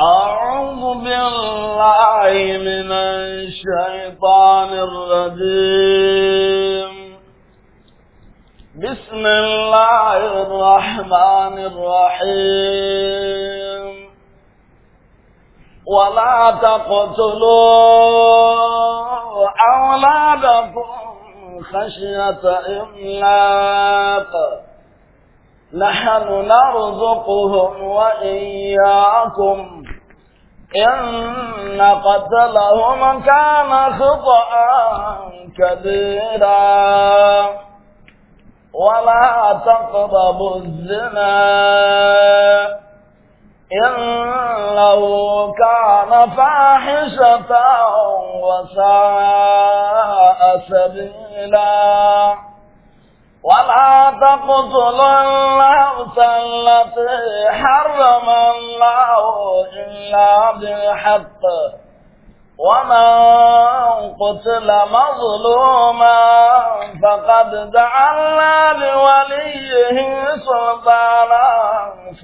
أعوذ بالله من الشيطان الرجيم بسم الله الرحمن الرحيم ولا تقتلوا أولادكم خشية إملاق نحن نرزقهم وإياكم إن قتلهم كان خطأ كبيرا ولا تقربوا الزنا إنه كان فاحشة وساء سبيلا ولا تقتلوا النفس التي حرم الله إلا بالحق ومن قتل مظلوما فقد جعلنا لوليه سلطانا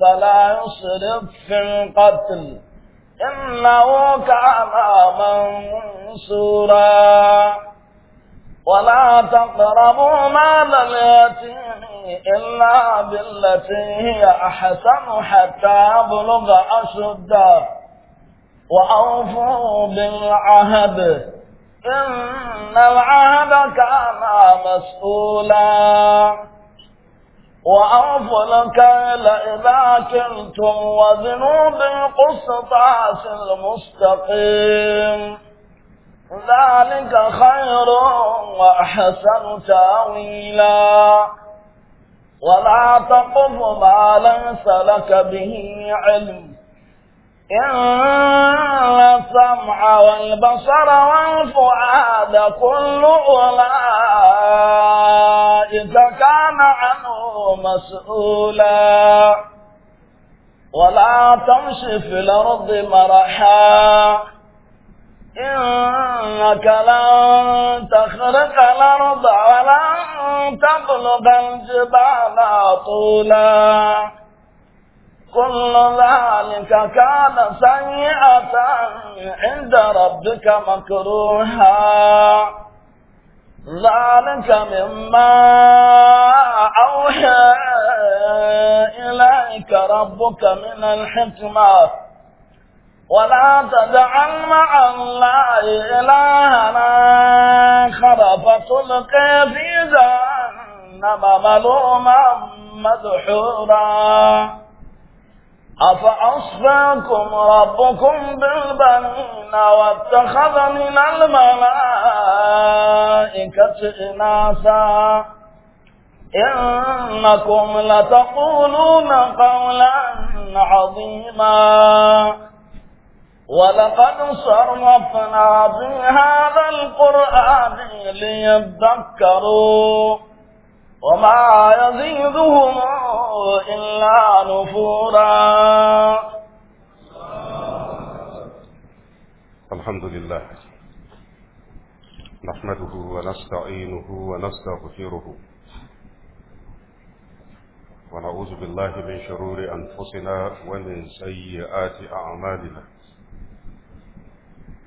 فلا يسرف في القتل إنه كان منصورا ولا تقربوا مال اليتيم إلا بالتي هي أحسن حتى يبلغ أشده وأوفوا بالعهد إن العهد كان مسؤولا وأوفوا الكيل إذا كنتم وزنوا بالقسطاس المستقيم ذلك خير وأحسن تاويلا ولا تقف ما ليس لك به علم إن السمع والبصر والفؤاد كل أولئك كان عنه مسؤولا ولا تمش في الأرض مرحا إنك لن تخرق الأرض ولن تبلغ الجبال طولا كل ذلك كان سيئة عند ربك مكروها ذلك مما أوحى إليك ربك من الحكمة ولا تجعل مع الله إلهنا آخر فتلقي في جهنم ملوما مدحورا أفأصفاكم ربكم بالبنين واتخذ من الملائكة إناسا إنكم لتقولون قولا عظيما ولقد صرفنا في هذا القرآن ليذكروا وما يزيدهم إلا نفورا الحمد لله نحمده ونستعينه ونستغفره ونعوذ بالله من شرور أنفسنا ومن سيئات أعمالنا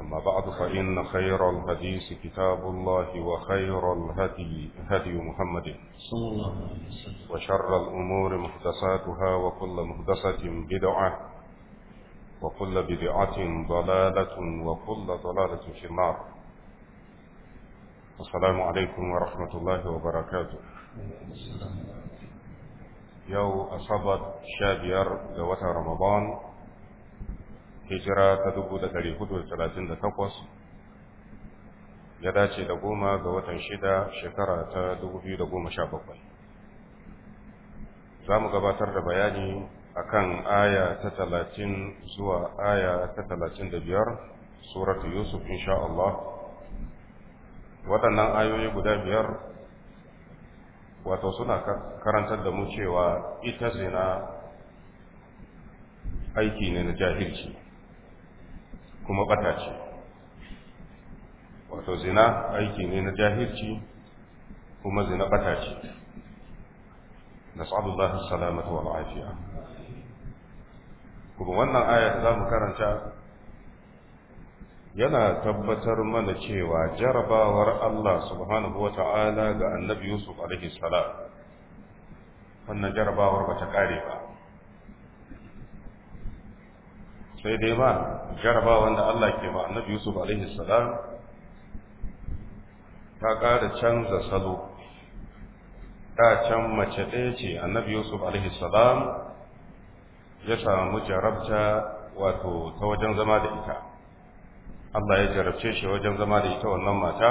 أما بعد فإن خير الحديث كتاب الله وخير الهدي هدي محمد صلى الله عليه وسلم وشر الأمور محدثاتها وكل محدثة بدعة وكل بدعة ضلالة وكل ضلالة في النار السلام عليكم ورحمة الله وبركاته يو أصابت شابير لوتى رمضان hijira ta dubu da da da hudu talatin takwas ya dace da goma ga watan shida shekara ta dubu biyu da goma sha bakwai. za mu gabatar da bayani akan aya ta talatin zuwa aya ta talatin da biyar, suratu yusuf insha Allah waɗannan ayoyi guda biyar wato suna karantar da mu cewa ita zina aiki ne na jahilci kuma bata ce wato zina aiki ne na jahilci kuma zina bata ce nas'alullah salamata wal afiya kuma wannan aya da mu karanta yana tabbatar mana cewa jarabawar Allah subhanahu wa ta'ala ga annabi Yusuf alaihi salam wannan jarabawar ba ta ƙare ba sai dai ba jaraba wanda Allah ke ba annabi Yusuf alaihi salam ta ƙara canza salo ta can mace ɗaya ce annabi Yusuf alaihi salam ya samu jarabta wato ta wajen zama da ita Allah ya jarabce shi wajen zama da ita wannan mata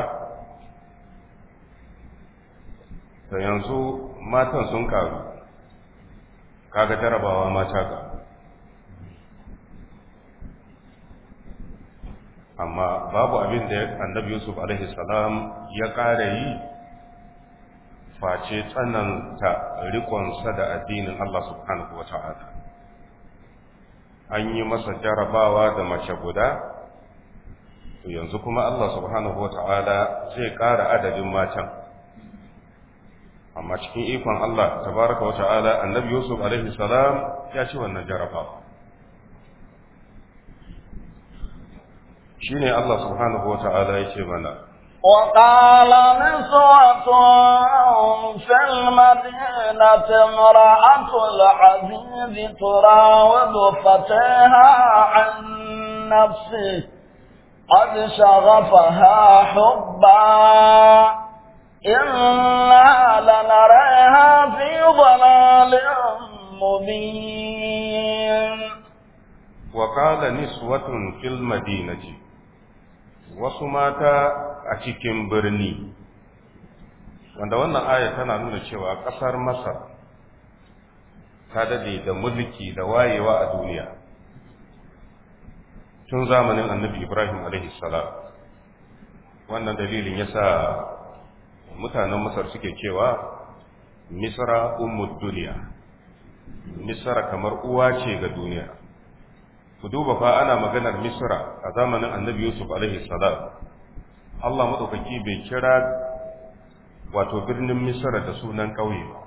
da yanzu matan sun karu kaga jarabawa mata ga amma babu abin da annabi yusuf alaihi salam ya ƙara yi face tsananta rikonsa da addinin allah subhanahu wa ta'ala an yi masa jarabawa da mace guda to yanzu kuma allah subhanahu wa ta'ala zai ƙara adadin matan amma cikin ikon allah tabaraka wa ta'ala annabi yusuf alaihi salam ya ci wannan jarabawa shine Allah subhanahu wata'ala yake mana وقال نسوة في المدينة امرأة العزيز تراود فتيها عن نفسه قد شغفها حبا إنا لنريها في ضلال مبين وقال نسوة في المدينة wasu mata a cikin birni wanda wannan aya tana nuna cewa ƙasar masar ta dade da mulki da wayewa a duniya tun zamanin annabi ibrahim salam wannan dalilin ya sa mutanen masar suke cewa misra umar duniya misra kamar uwa ce ga duniya ku duba fa ana maganar misra a zamanin annabi yusuf alaihi salam Allah maɗaukaki bai kira wato birnin misra da sunan ƙauye ba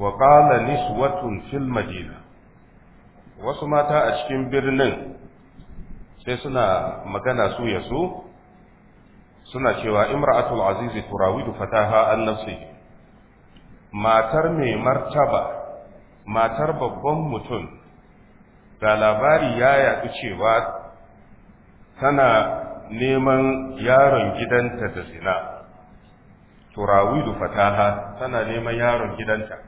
wa qala niswatun fil madina wasu mata a cikin birnin sai suna magana su ya su suna cewa imra'atul azizi turawidu fataha an nafsi matar mai martaba matar babban mutum ga labari ya yaɗu cewa tana neman yaron gidanta da zina turawidu fataha tana neman yaron gidanta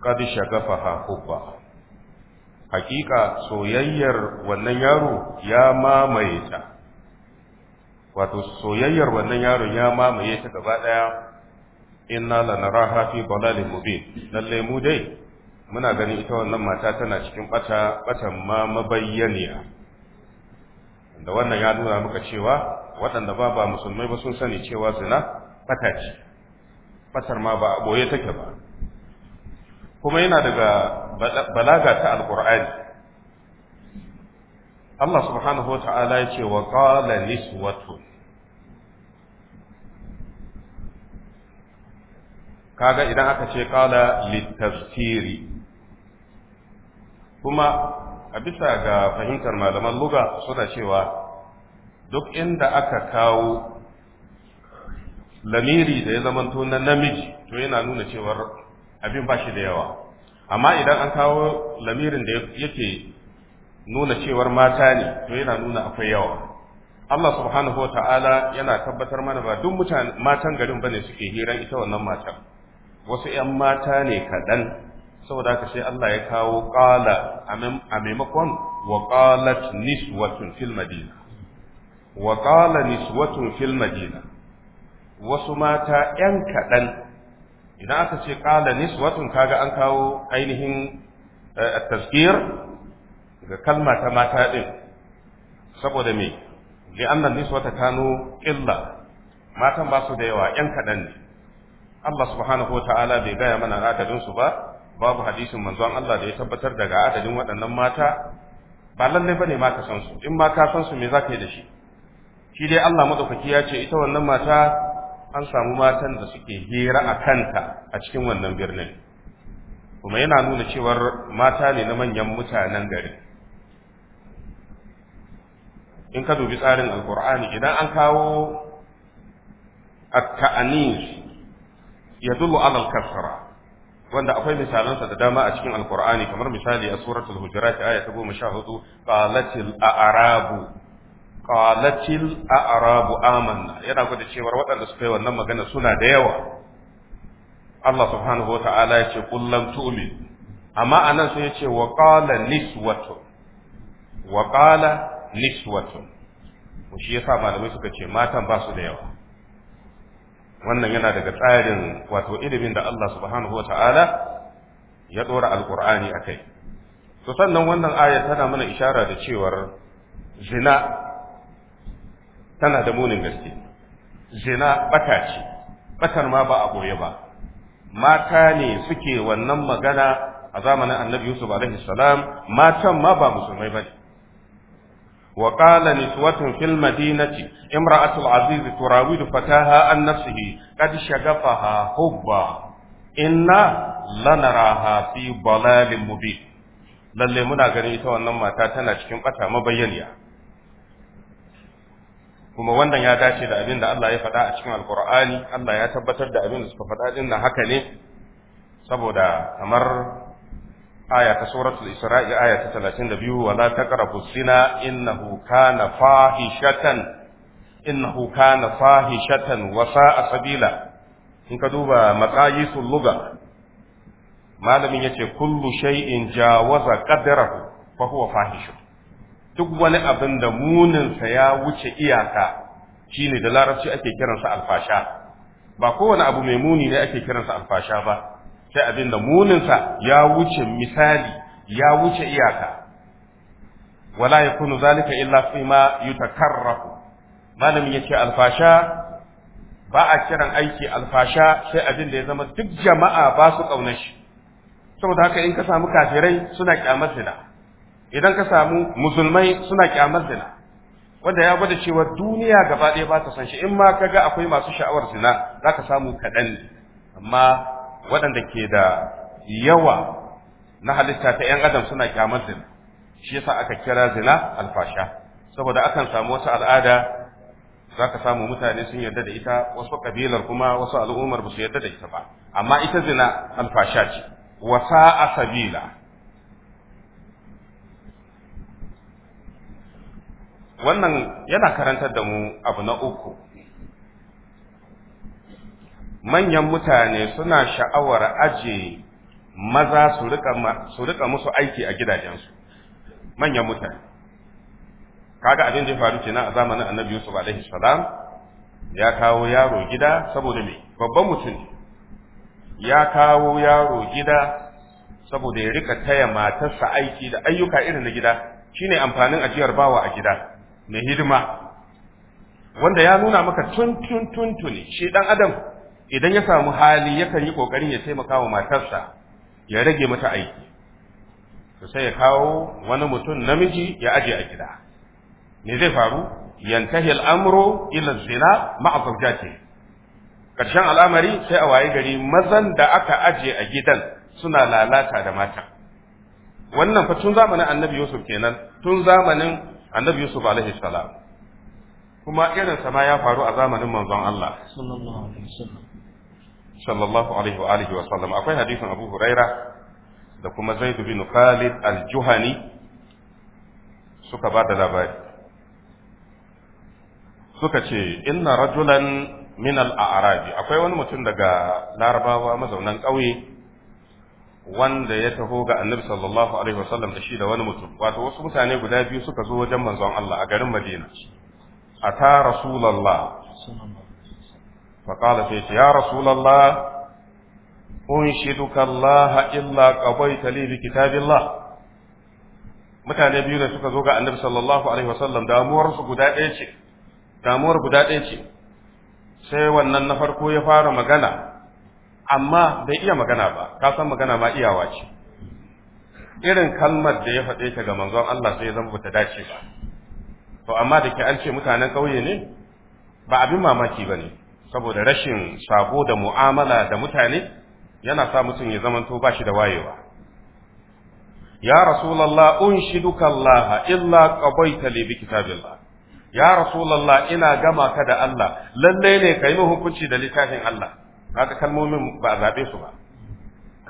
kad shagafaha hubba hakika soyayyar wannan yaro ya mamaye ta wato soyayyar wannan yaro ya mamaye ta gaba daya inna lanaraha fi balalin mubin lalle mu dai muna ganin ita wannan mata tana cikin bata bata ma mabayyaniya da wannan ya nuna muka cewa waɗanda ba ba musulmai ba sun sani cewa zina bata ce batar ma ba a boye take ba kuma yana daga balaga ta alqur'ani Allah subhanahu wa ta'ala ya ce wa qala niswatu kaga idan aka ce kala litafsiri kuma a bisa ga fahimtar malaman luga suna cewa duk inda aka kawo lamiri da ya zamanto na namiji to yana nuna cewar abin ba shi da yawa amma idan an kawo lamirin da yake nuna cewar mata ne to yana nuna akwai yawa Allah subhanahu wata'ala yana tabbatar mana ba duk matan garin bane suke hiran ita wannan matan wasu 'yan mata ne kaɗan saboda haka sai Allah ya kawo qala a maimakon wa qalat niswatun fil madina wa qala niswatun fil madina wasu mata ƴan kaɗan idan aka ce qala niswatun kaga an kawo ainihin eh, at-tazkir ga kalma ta mata din saboda me li'anna niswata kanu illa matan ba su da yawa ƴan kaɗan ne Allah subhanahu wa ta'ala bai gaya mana adadinsu ba babu hadisin manzon Allah da ya tabbatar daga adadin waɗannan mata ba lallai bane ma ka san su in ma ka san su me zaka yi da shi shi dai Allah madaukaki ya ce ita wannan mata an samu matan da suke hira a kanta a cikin wannan birnin kuma yana nuna cewar mata ne na manyan mutanen gari in ka dubi tsarin alkur'ani idan an kawo at-ta'anis yadullu ala al-kasra wanda akwai misalansa da dama a cikin alkur'ani kamar misali a suratul hujurat aya ta goma sha hudu qalatil a'rabu qalatil a'rabu amanna yana gwada cewa waɗanda suka yi wannan magana suna da yawa Allah subhanahu wata'ala ya ce qul lam tu'min amma anan sai ya ce wa qala niswatu wa qala niswatu shi yasa malamai suka ce matan ba su da yawa wannan yana daga tsarin wato ilimin da Allah subhanahu wa ta'ala ya ɗora alƙur'ani a kai. To sannan wannan aya tana mana ishara da cewar zina tana da munin gaske, zina ɓata ce, ɓatar ma ba a ɓoye ba, mata ne suke wannan magana a zamanin annabi Yusuf alaihi salam matan ma ba musulmai ba ne. وقال نسوة في المدينة امرأة العزيز تراود فتاها عن نفسه قد شغفها حبا إنا لنراها في ضلال مبين lalle muna ganin ita wannan mata tana cikin bata mabayyaniya kuma wannan ya dace da abin da Allah ya faɗa a cikin alkur'ani Allah ya tabbatar da abin da suka faɗa din haka ne saboda kamar aya ta suratul isra'i aya ta 32 wala taqrabu zina innahu kana fahishatan innahu kana fahishatan wa sa'a sabila in ka duba maqayisul lugha malamin yace kullu shay'in jawaza qadrahu fa huwa fahishu duk wani abin da munin sa ya wuce iyaka shine da larabci ake kiransa alfasha ba kowane abu mai muni ne ake kiransa alfasha ba sai abin da muninsa ya wuce misali ya wuce iyaka wala yakunu zalika illa fi ma yutakarrafu malamin yace alfasha ba a kiran aiki alfasha sai abin da ya zama duk jama'a ba su kauna shi saboda haka in ka samu kafirai suna kyamar zina idan ka samu musulmai suna kyamar zina wanda ya gwada cewa duniya gaba ɗaya ba ta san shi in ma kaga akwai masu sha'awar zina zaka samu kaɗan amma waɗanda ke da yawa na halitta ta ‘yan adam suna kyamar zina shi yasa aka kira zina alfasha saboda akan samu wasu al'ada za ka samu mutane sun yarda da ita wasu kabilar kuma wasu al'ummar ba su yarda da ita ba amma ita zina alfasha ce wasa a sabila wannan yana karantar da mu abu na uku manyan mutane suna sha'awar aje maza su rika musu aiki a gidajensu manyan mutane kaga abin da ya faru kenan a zamanin annabi yusuf alaihi salam ya kawo yaro gida saboda me babban mutum ya kawo yaro gida saboda ya rika taya matarsa aiki da ayyuka irin na gida shine amfanin ajiyar bawa a gida mai hidima wanda ya nuna maka tun tun tun tuni shi dan adam idan ya samu hali yakan yi kokarin ya taimaka wa matarsa ya rage mata aiki to sai ya kawo wani mutum namiji ya aje a gida me zai faru yantahi al'amru ila zina ma'a zawjati karshen al'amari sai a waye gari mazan da aka aje a gidan suna lalata da mata wannan fa tun zamanin annabi yusuf kenan tun zamanin annabi yusuf alaihi salam kuma irin sama ya faru a zamanin manzon Allah sallallahu alaihi wasallam sallallahu alaihi wa alihi wa sallam akwai hadisin Abu Huraira da kuma Zaid bin Khalid al-Juhani suka ba da labari suka ce inna rajulan min al-a'rabi akwai wani mutum daga Larabawa mazaunan ƙauye wanda ya taho ga Annabi sallallahu alaihi wa sallam da shi da wani mutum wato wasu mutane guda biyu suka zo wajen manzon Allah a garin Madina ata rasulullah فقال سيت يا رسول الله أنشدك الله إلا قضيت لي بكتاب الله mutane biyu da suka zo ga annabi sallallahu alaihi wasallam damuwarsu guda ɗaya ce damuwar guda ɗaya ce sai wannan na farko ya fara magana amma bai iya magana ba ka san magana ma iyawa ce irin kalmar da ya faɗe ta ga manzon Allah sai ya zama bata dace ba to amma da ke an ce mutanen ƙauye ne ba abin mamaki ba ne saboda rashin sabo da mu'amala da mutane yana sa mutum ya zamanto ba shi da wayewa ya rasulullah unshiduka Allah illa qabaita li bi kitabillah ya rasulullah ina gama ka da Allah Lallai ne yi mu hukunci da littafin Allah kaga kalmomin ba a zaɓe su ba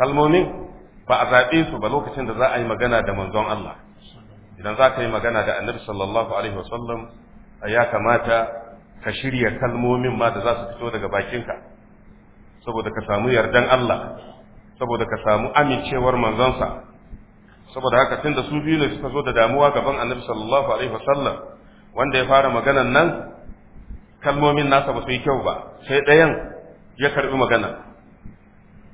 kalmomin ba a zaɓe su ba lokacin da za a yi magana da manzon Allah idan za ka yi magana da annabi sallallahu alaihi wasallam ya kamata ka shirya kalmomin ma da za su fito daga bakinka saboda ka samu yardan Allah saboda ka samu amincewar manzonsa saboda haka tun da su biyu ne suka zo da damuwa gaban annabi sallallahu alaihi wasallam wanda ya fara maganan nan kalmomin nasa ba su yi kyau ba sai ɗayan ya karbi magana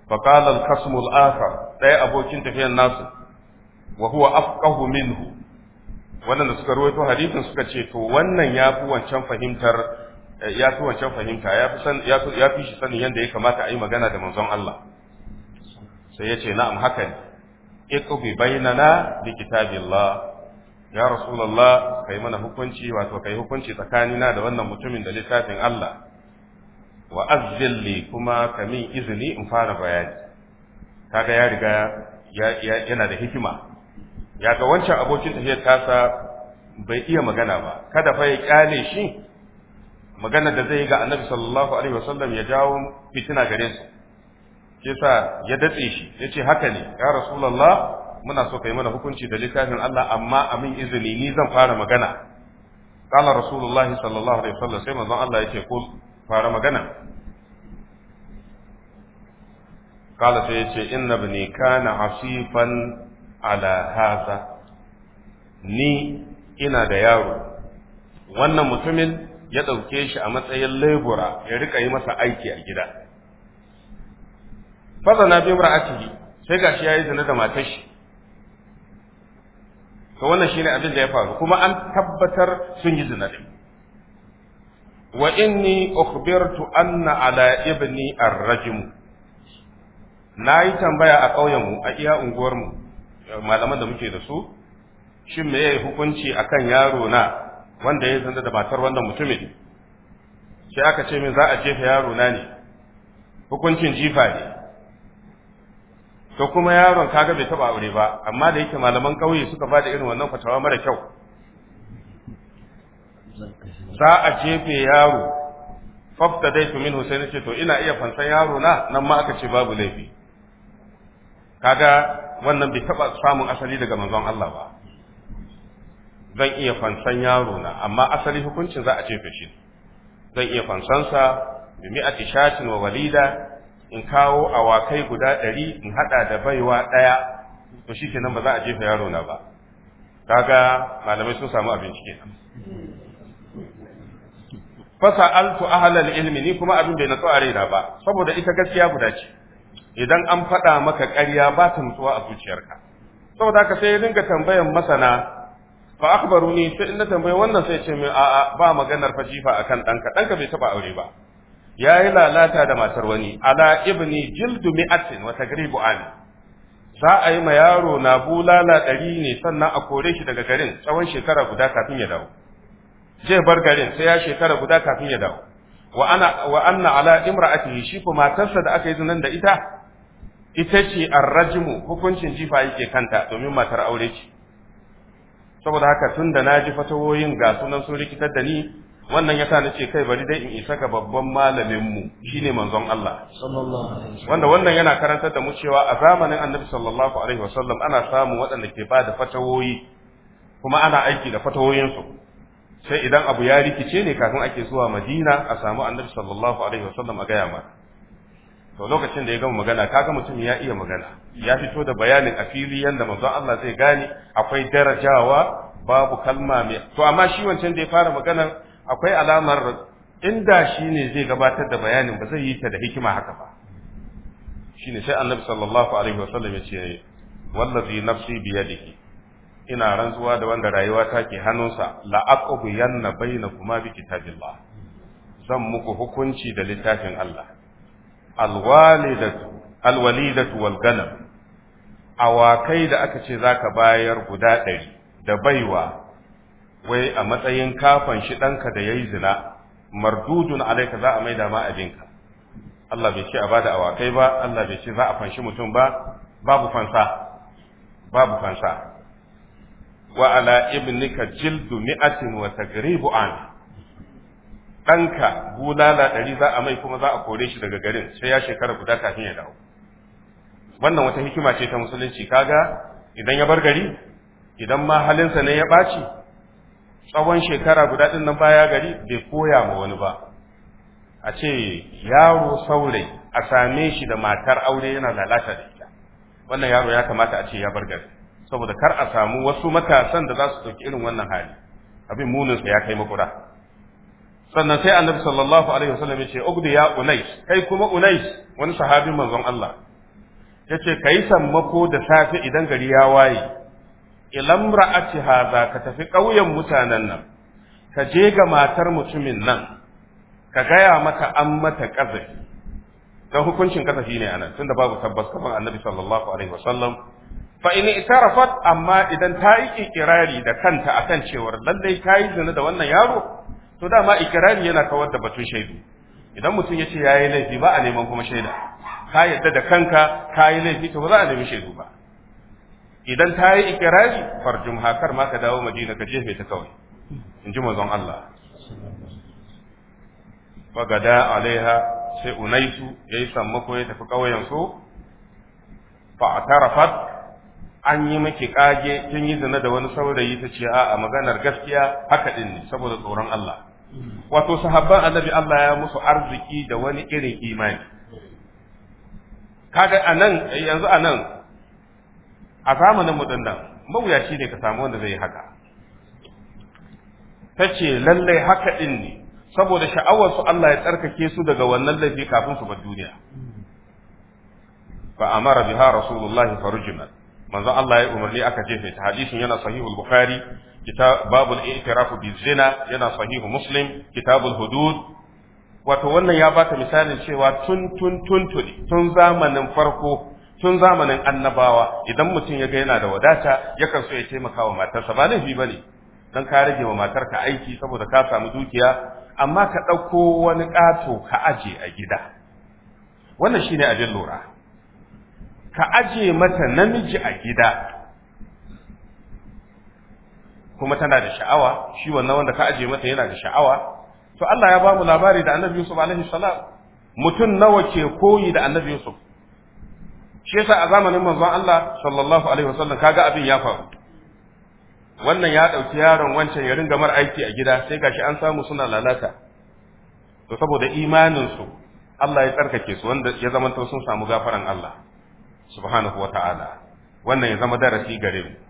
faqala al-khasmu al-akhar ɗaya abokin tafiyar nasu wa huwa afqahu minhu waɗanda suka ruwaito hadisin suka ce to wannan ya fi wancan fahimtar eh, ya fi wancan fahimta ya fi shi sanin yadda ya kamata a yi magana da manzon Allah sai ya ce na'am haka ne iqbi bainana bi kitabillah ya rasulullah kai mana hukunci wato kai hukunci tsakanina da wannan mutumin da littafin Allah wa azzilli kuma kamin izini in fara bayani kaga ya riga yana da hikima ya ga wancan abokin tafiyar tasa bai iya magana ba kada fa ya kyale shi magana da zai yi ga annabi sallallahu alaihi wasallam ya jawo fitina gare su kisa ya datse shi ya ce haka ne ya rasulullah muna so kai mana hukunci da littafin Allah amma amin izini ni zan fara magana qala rasulullahi sallallahu alaihi wasallam sai manzon Allah ya ce ko fara magana qala sai ya ce inna ibni kana hasifan ala haza ni ina da yaro wannan mutumin ya ɗauke shi a matsayin laibura ya rika yi masa aiki a gida fazana bi ciki, sai gashi yayi zina da matar to wannan shine abin da ya faru kuma an tabbatar sun yi zina din wa inni ukhbirtu anna ala ibni ar-rajm nayi tambaya a ƙauyenmu a iya unguwarmu malaman da muke da su shin me yayi hukunci akan yaro na wanda ya zanda da matar wannan mutumin sai aka ce min za a jefa yaro na ne hukuncin jifa ne to kuma yaron kaga bai taba aure ba amma da yake malaman kauye suka bada irin wannan fatawa mara kyau za a jefe yaro fafta dai to min sai ce to ina iya fansan yaro na nan ma aka ce babu laifi kaga wannan bai taɓa samun asali daga manzon Allah ba zan iya fansan yaro na amma asali hukuncin za a ce fashi zan iya fansansa bi mi'ati shatin wa walida in kawo awakai guda ɗari in haɗa da baiwa ɗaya to shi kenan ba za a jefa yaro na ba kaga malamai sun samu abinci kenan fasa altu ahlal ilmi ni kuma abin bai na a raina ba saboda ita gaskiya guda ce idan an faɗa maka ƙarya ba ta nutsuwa a zuciyarka saboda haka sai ya dinga tambayan masana fa akhbaruni sai in na tambaye wannan sai ce min a'a ba maganar fajifa akan danka danka bai taba aure ba yayi lalata da matar wani ala ibni jildu mi'atin wa tagribu an za a yi ma yaro na bulala ɗari ne sannan a kore shi daga garin tsawon shekara guda kafin ya dawo zai bar garin sai ya shekara guda kafin ya dawo wa ana wa anna ala imra'atihi shi ko matarsa da aka yi zinan da ita ita ce arrajmu hukuncin jifa yake kanta domin matar aure ce saboda haka tun da na ji fatawoyin ga sunan sun rikitar da ni wannan yasa ce kai bari dai in isa ga babban malaminmu mu shine manzon Allah wanda wannan yana karantar da mu cewa a zamanin Annabi sallallahu alaihi wasallam ana samu waɗanda ke ba da fatawoyi kuma ana aiki da fatawoyinsu sai idan abu ya rikice ne kafin ake zuwa Madina a samu Annabi sallallahu alaihi wasallam a gaya mata to lokacin da ya gama magana ga mutum ya iya magana ya fito da bayanin a fili yanda manzon Allah zai gane akwai darajawa babu kalma mai to amma shi wancan da ya fara magana akwai alamar inda shi ne zai gabatar da bayanin ba zai yi ta da hikima haka ba shine sai annabi sallallahu alaihi wasallam ya ce wallazi nafsi yadihi ina rantsuwa da wanda rayuwa ke hannunsa la aqbu yanna kuma bi kitabillah zan muku hukunci da littafin Allah alwalidatu alwalidatu wal ganam awakai da aka ce zaka bayar guda ɗari da baiwa wai a matsayin kafan shi ɗanka da yayi zina mardudun alaika za a maida ma abinka Allah bai ce a bada awakai ba Allah bai ce za a fanshi mutum ba babu fansa babu fansa wa ala ibnika jildu mi'atin wa tagribu an ɗanka bulala ɗari za a mai kuma za a kore shi daga garin sai ya shekara guda kafin ya dawo wannan wata hikima ce ta musulunci kaga idan ya bar gari idan ma halinsa ne ya ɓaci tsawon shekara guda ɗin nan baya gari bai koya ma wani ba a ce yaro saurayi a same shi da matar aure yana lalata da ita wannan yaro ya kamata a ce ya bar gari saboda kar a samu wasu matasan da za su ɗauki irin wannan hali abin muninsa ya kai makura sannan sai annabi sallallahu alaihi wasallam ya ce ugdi ya unais kai kuma unais wani sahabin manzon Allah yace ce ka yi sammako da safe idan gari ya waye ilam ra'ati haza ka tafi ƙauyen mutanen nan ka je ga matar mutumin nan ka gaya mata an mata ƙazafi Dan hukuncin ƙazafi ne anan tunda babu tabbas kamar annabi sallallahu alaihi wasallam fa in itarafat amma idan ta yi ikirari da kanta akan cewar lallai ta yi zina da wannan yaro to dama ikirari yana kawar da batun shaidu idan mutum yace yayi laifi ba a neman kuma shaida ka yadda da kanka ka yi laifi to ba za a nemi shaidu ba idan ta yi ikirari farjum hakar ma ka dawo madina ka jefe ta kawai in ji manzon Allah gada alaiha sai unaitu ya yi sammako ya tafi ƙauyen so fa'atarafat an yi miki kage kin yi zina da wani saurayi ta ce a maganar gaskiya haka din ne saboda tsoron Allah wato sahabban annabi Allah ya musu arziki da wani irin imani kaga anan yanzu anan a zamanin mu dinnan mawuyaci ne ka samu wanda zai yi haka tace lallai haka din ne saboda sha'awar su Allah ya tsarkake su daga wannan laifi kafin su bar duniya fa amara biha rasulullahi farujima manzo Allah ya umarni aka jefe ta hadisin yana sahihul bukhari باب babul بالزنا bizina yana مسلم muslim الحدود wato wannan ya baka misalin cewa tun tun tun tun zamanin farko tun zamanin annabawa idan mutum ya ga yana da wadata yakan so ya taimaka wa matarsa ba laifi bane dan ka rage wa matarka aiki saboda ka samu dukiya amma ka ɗauko wani ƙato ka aje a gida wannan shine abin lura ka aje mata namiji a gida kuma tana da sha'awa shi wannan wanda ka aje mata yana da sha'awa to Allah ya bamu labari da Annabi Yusuf alaihi salam mutum nawa ke koyi da Annabi Yusuf shi yasa a zamanin manzon Allah sallallahu alaihi wasallam kaga abin ya faru wannan ya dauki yaron wancan ya ringa mar aiki a gida sai gashi an samu suna lalata to saboda imanin su Allah ya tsarkake su wanda ya zama sun samu gafaran Allah subhanahu wata'ala wannan ya zama darasi gare mu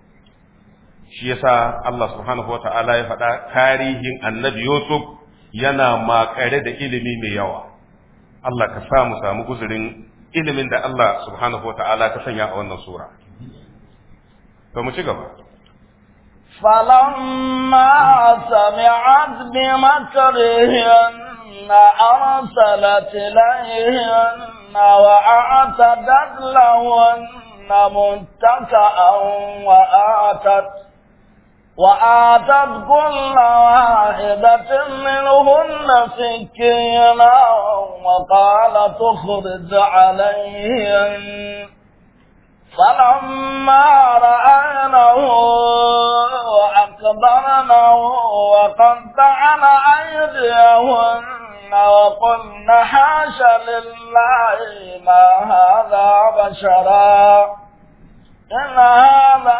shi yasa Allah subhanahu wa ta'ala ya faɗa tarihin annabi Yusuf yana makare da ilimi mai yawa Allah ka sa mu samu guzurin ilimin da Allah subhanahu wa ta'ala ta sanya a wannan sura to mu ci gaba فلما سمعت بمكرهن أرسلت إليهن وأعتدت لهن متكأ وآتت وآتت كل واحدة منهن سكينا وقال تخرج عليهم فلما رأينه أكبرنه وقطعن أيديهن وقلن حاش لله ما هذا بشرا إن هذا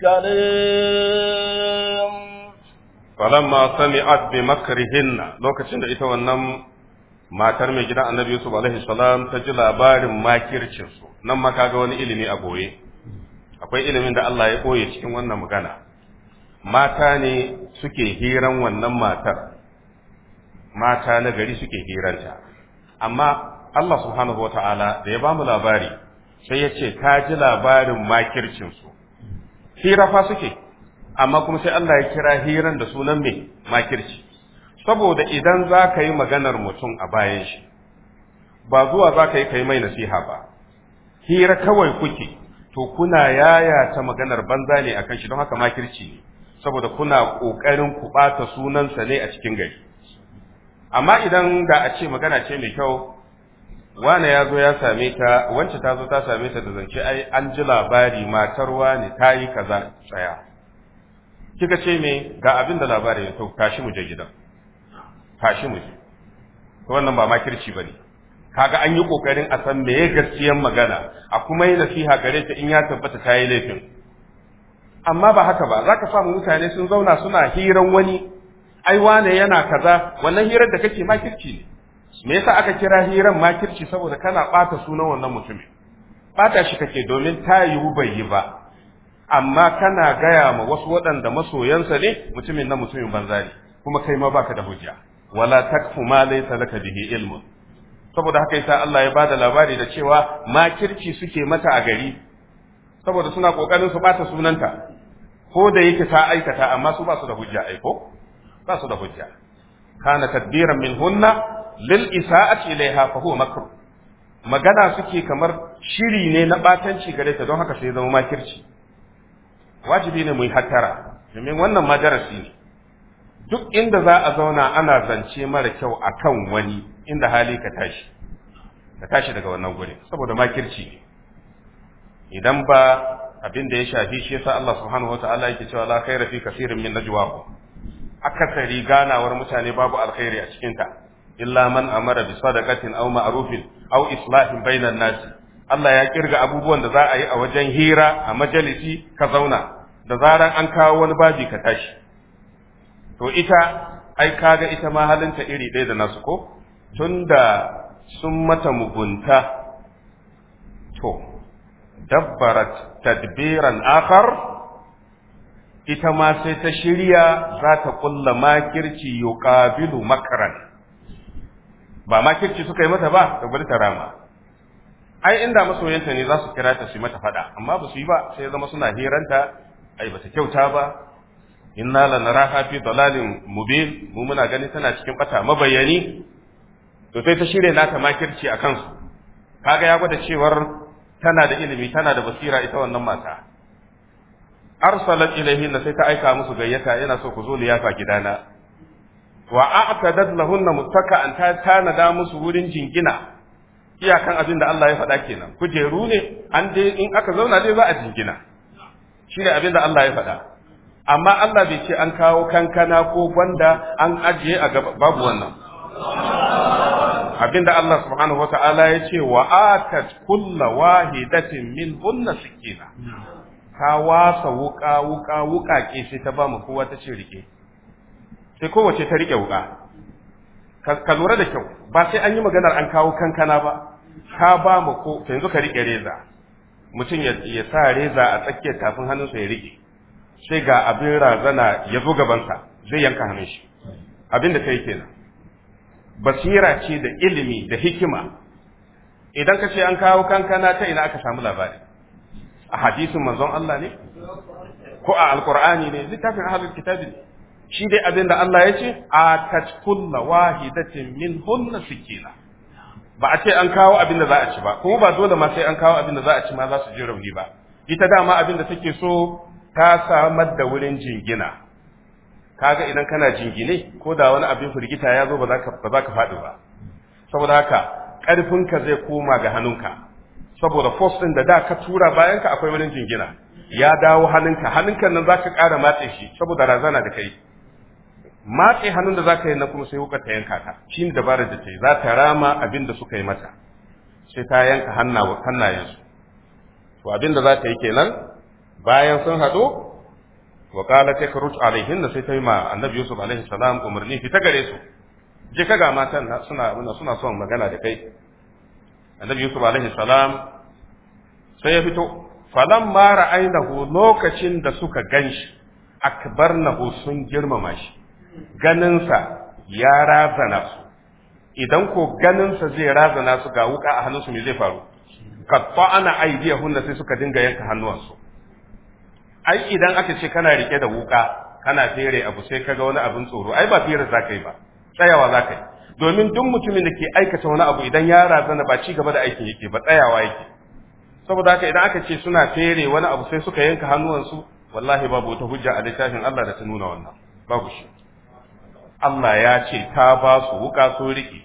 كريم فلما سمعت بمكرهن لوكاشن da ita wannan matar mai gidan annabi Yusuf alaihi salam ta ji labarin makircin su nan ma kaga wani ilimi a boye akwai ilimin da Allah ya koye cikin wannan magana mata ne suke hiran wannan matar mata na gari suke hiranta amma Allah subhanahu wa ta'ala da ya ba mu labari sai ya ce ta ji labarin makircinsu hira fa suke amma kuma sai Allah ya kira hiran da sunan mai makirci saboda idan za ka yi maganar mutum a bayan shi ba zuwa za ka yi ka mai nasiha ba hira kawai kuke to kuna yaya ta maganar banza ne akan shi don haka makirci ne saboda kuna ƙoƙarin ku ɓata sunansa ne a cikin gari amma idan da a ce magana ce mai kyau wane ya zo ya same ta wance ta zo ta same ta da zance ai an ji labari matar wane ta yi kaza tsaya kika ce me ga abin da labari ya to tashi mu je gidan tashi mu je to wannan ba makirci bane kaga an yi kokarin a san meye gaskiyar magana a kuma yi nasiha gare ta in ya tabbata ta yi laifin amma ba haka ba zaka samu mutane sun zauna suna hiran wani ai wane yana kaza wannan hirar da kake makirci ne me yasa aka kira hiran makirci saboda kana bata sunan wannan mutumin bata shi kake domin ta yiwu bai yi ba amma kana gaya ma wasu waɗanda masoyansa ne mutumin na mutumin banza ne kuma kai ma baka da hujja wala takfu ma laysa laka bihi ilmun saboda haka yasa Allah ya bada labari da cewa makirci suke mata a gari saboda suna kokarin su bata sunanta ko da yake ta aikata amma su ba su da hujja aiko? ba su da hujja kana tadbiran min hunna lil isa'ati ilaiha fa huwa magana suke kamar shiri ne na batanci gare ta don haka sai zama makirci wajibi ne mu yi hattara domin wannan ma darasi duk inda za a zauna ana zance mara kyau a kan wani inda hali ka tashi ka tashi daga wannan guri saboda makirci idan ba abin da ya shafi shi yasa Allah subhanahu wataala yake cewa la khaira fi kaseerin min najwahum akasari ganawar mutane babu alkhairi a cikin ta illa man amara bi sadaqatin aw ma'rufin aw islahin bainan nas Allah ya kirga abubuwan da za a yi a wajen hira a majalisi ka zauna da zaran an kawo wani baji ka tashi to ita ai kaga ita ma halinta iri ɗaya da nasu ko tunda sun mata mugunta to dabbarat tadbiran akhar ita ma sai ta shirya za ta kulla makirci yuqabilu makran ba ma kirki suka yi mata ba da gwada rama ai inda masoyanta ne za su kira ta su mata fada amma ba su yi ba sai zama suna hiranta ai ta kyauta ba inna naraha fi dalalin mubin mu muna ganin tana cikin bata mabayani to sai ta shirye nata makirci a kansu kaga ya gwada cewar tana da ilimi tana da basira ita wannan mata arsalat na sai ta aika musu gayyata yana so ku zo liyafa gidana wa a'tadad lahunna muttaka an ta da musu wurin jingina iyakan abin da Allah ya faɗa kenan kujeru ne an dai in aka zauna dai za a jingina shi ne abin da Allah ya faɗa amma Allah bai ce an kawo kankana ko gwanda an ajiye a gaba babu wannan abin da Allah subhanahu wata'ala ya ce wa atat kulla wahidatin min hunna sikina ka wasa wuka wuka wuka ke sai ta ba mu kowa ta ce rike sai kowace ta riƙe wuƙa ka lura da kyau ba sai an yi maganar an kawo kankana ba ka ba mu ko yanzu ka riƙe reza mutum ya sa reza a tsakiyar tafin hannunsa ya riƙe sai ga abin razana ya zo gabansa zai yanka hannun shi abin da kai kenan basira ce da ilimi da hikima idan ka ce an kawo kankana ta ina aka samu labari a hadisin manzon Allah ne ko a alkur'ani ne littafin ahlul kitabi ne shi dai abin da Allah ya ce a tatkunna wahidatin min hunna sikina ba a ce an kawo abin da za a ci ba kuma ba dole ma sai an kawo abin da za a ci ma za su ji rauni ba ita dama abin da take so ta samar da wurin jingina kaga idan kana jingine ko da wani abin firgita ya zo ba za ka ba za ka faɗi ba saboda haka ƙarfinka zai koma ga hannunka saboda force ɗin da da ka tura bayanka akwai wurin jingina ya dawo hannunka hannunka nan za ka ƙara matse shi saboda razana da kai matse hannun da zaka yi na kuma sai wukar ta yanka ka shine dabarar da ta yi za ta rama abin da suka yi mata sai ta yanka hannayensu to abin da za ta yi kenan bayan sun haɗu wa qala takruj alaihin da sai ta yi ma annabi yusuf alaihi salam umarni fita gare su je ka ga matan suna suna son magana da kai annabi yusuf alaihi salam sai ya fito falamma ra'ainahu lokacin da suka ganshi akbarnahu sun girmama shi ganinsa ya razana su idan ko ganinsa zai razana su ga wuka a hannunsu mai zai faru katta ana aidiyahunna sai suka dinga yanka hannuwansu ai idan aka ce kana rike da wuka kana fere abu sai kaga wani abin tsoro ai ba fere za ka yi ba tsayawa za ka yi domin duk mutumin da ke aikata wani abu idan ya razana ba ci gaba da aikin yake ba tsayawa yake saboda haka idan aka ce suna fere wani abu sai suka yanka hannuwansu wallahi babu wata hujja a littafin Allah da ta nuna wannan babu shi Allah ya ce ta ba su wuka sun riƙe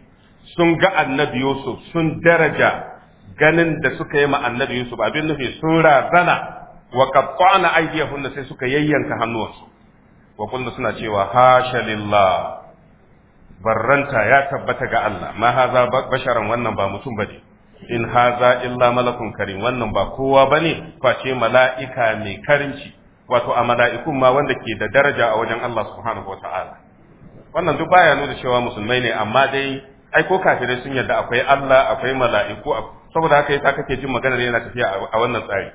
sun ga annabi Yusuf sun daraja ganin da suka yi ma annabi Yusuf abin nufi sun razana wa qatta'na aydiyahunna sai suka yayyanka hannuwansu wa kunna suna cewa hasha lillah barranta ya tabbata ga Allah ma haza basharan wannan ba mutum bane in haza illa malakun karim wannan ba kowa bane face mala'ika mai karimci wato a mala'ikun ma wanda ke da daraja a wajen Allah subhanahu wataala wannan duk baya nuna cewa musulmai ne amma dai ai ko kafirai sun yarda akwai Allah akwai mala'iku saboda haka yasa kake jin maganar yana tafiya a wannan tsari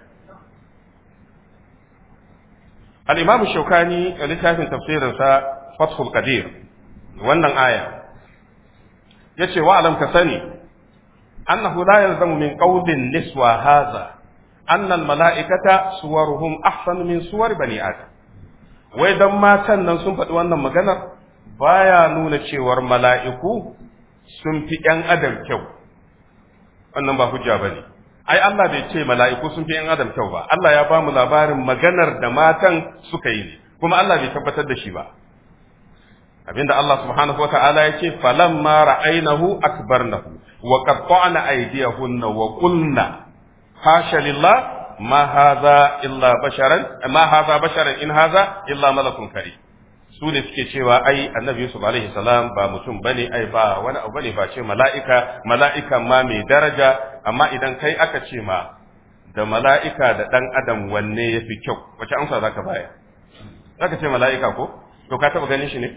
al-imam shaukani a littafin sa fathul qadir wannan aya yace wa alam ka sani annahu la yalzamu min qawlin niswa hadha anna al-mala'ikata suwaruhum ahsanu min suwar bani adam wai dan matan nan sun faɗi wannan maganar baya nuna cewar mala'iku sun fi ‘yan adam kyau, wannan ba hujja ba ne. Ai, Allah bai ce mala'iku sun fi ‘yan adam kyau ba, Allah ya ba mu labarin maganar da matan suka yi, kuma Allah bai tabbatar da shi ba. Abinda Allah subhanahu wa ta'ala ya ce, falan mara ainihu akbar na hu, wa ƙaffa'ana hunna wa ƙulna, hasha lillah, ma haza basharan, in haza illa malakun kare su ne suke cewa ai annabi yusuf alaihi salam ba mutum bane ai ba wani abu bane ba ce mala'ika mala'ikan ma mai daraja amma idan kai aka ce ma da mala'ika da dan adam wanne yafi kyau wace amsa zaka baya zaka ce mala'ika ko to ka taba ganin shi ne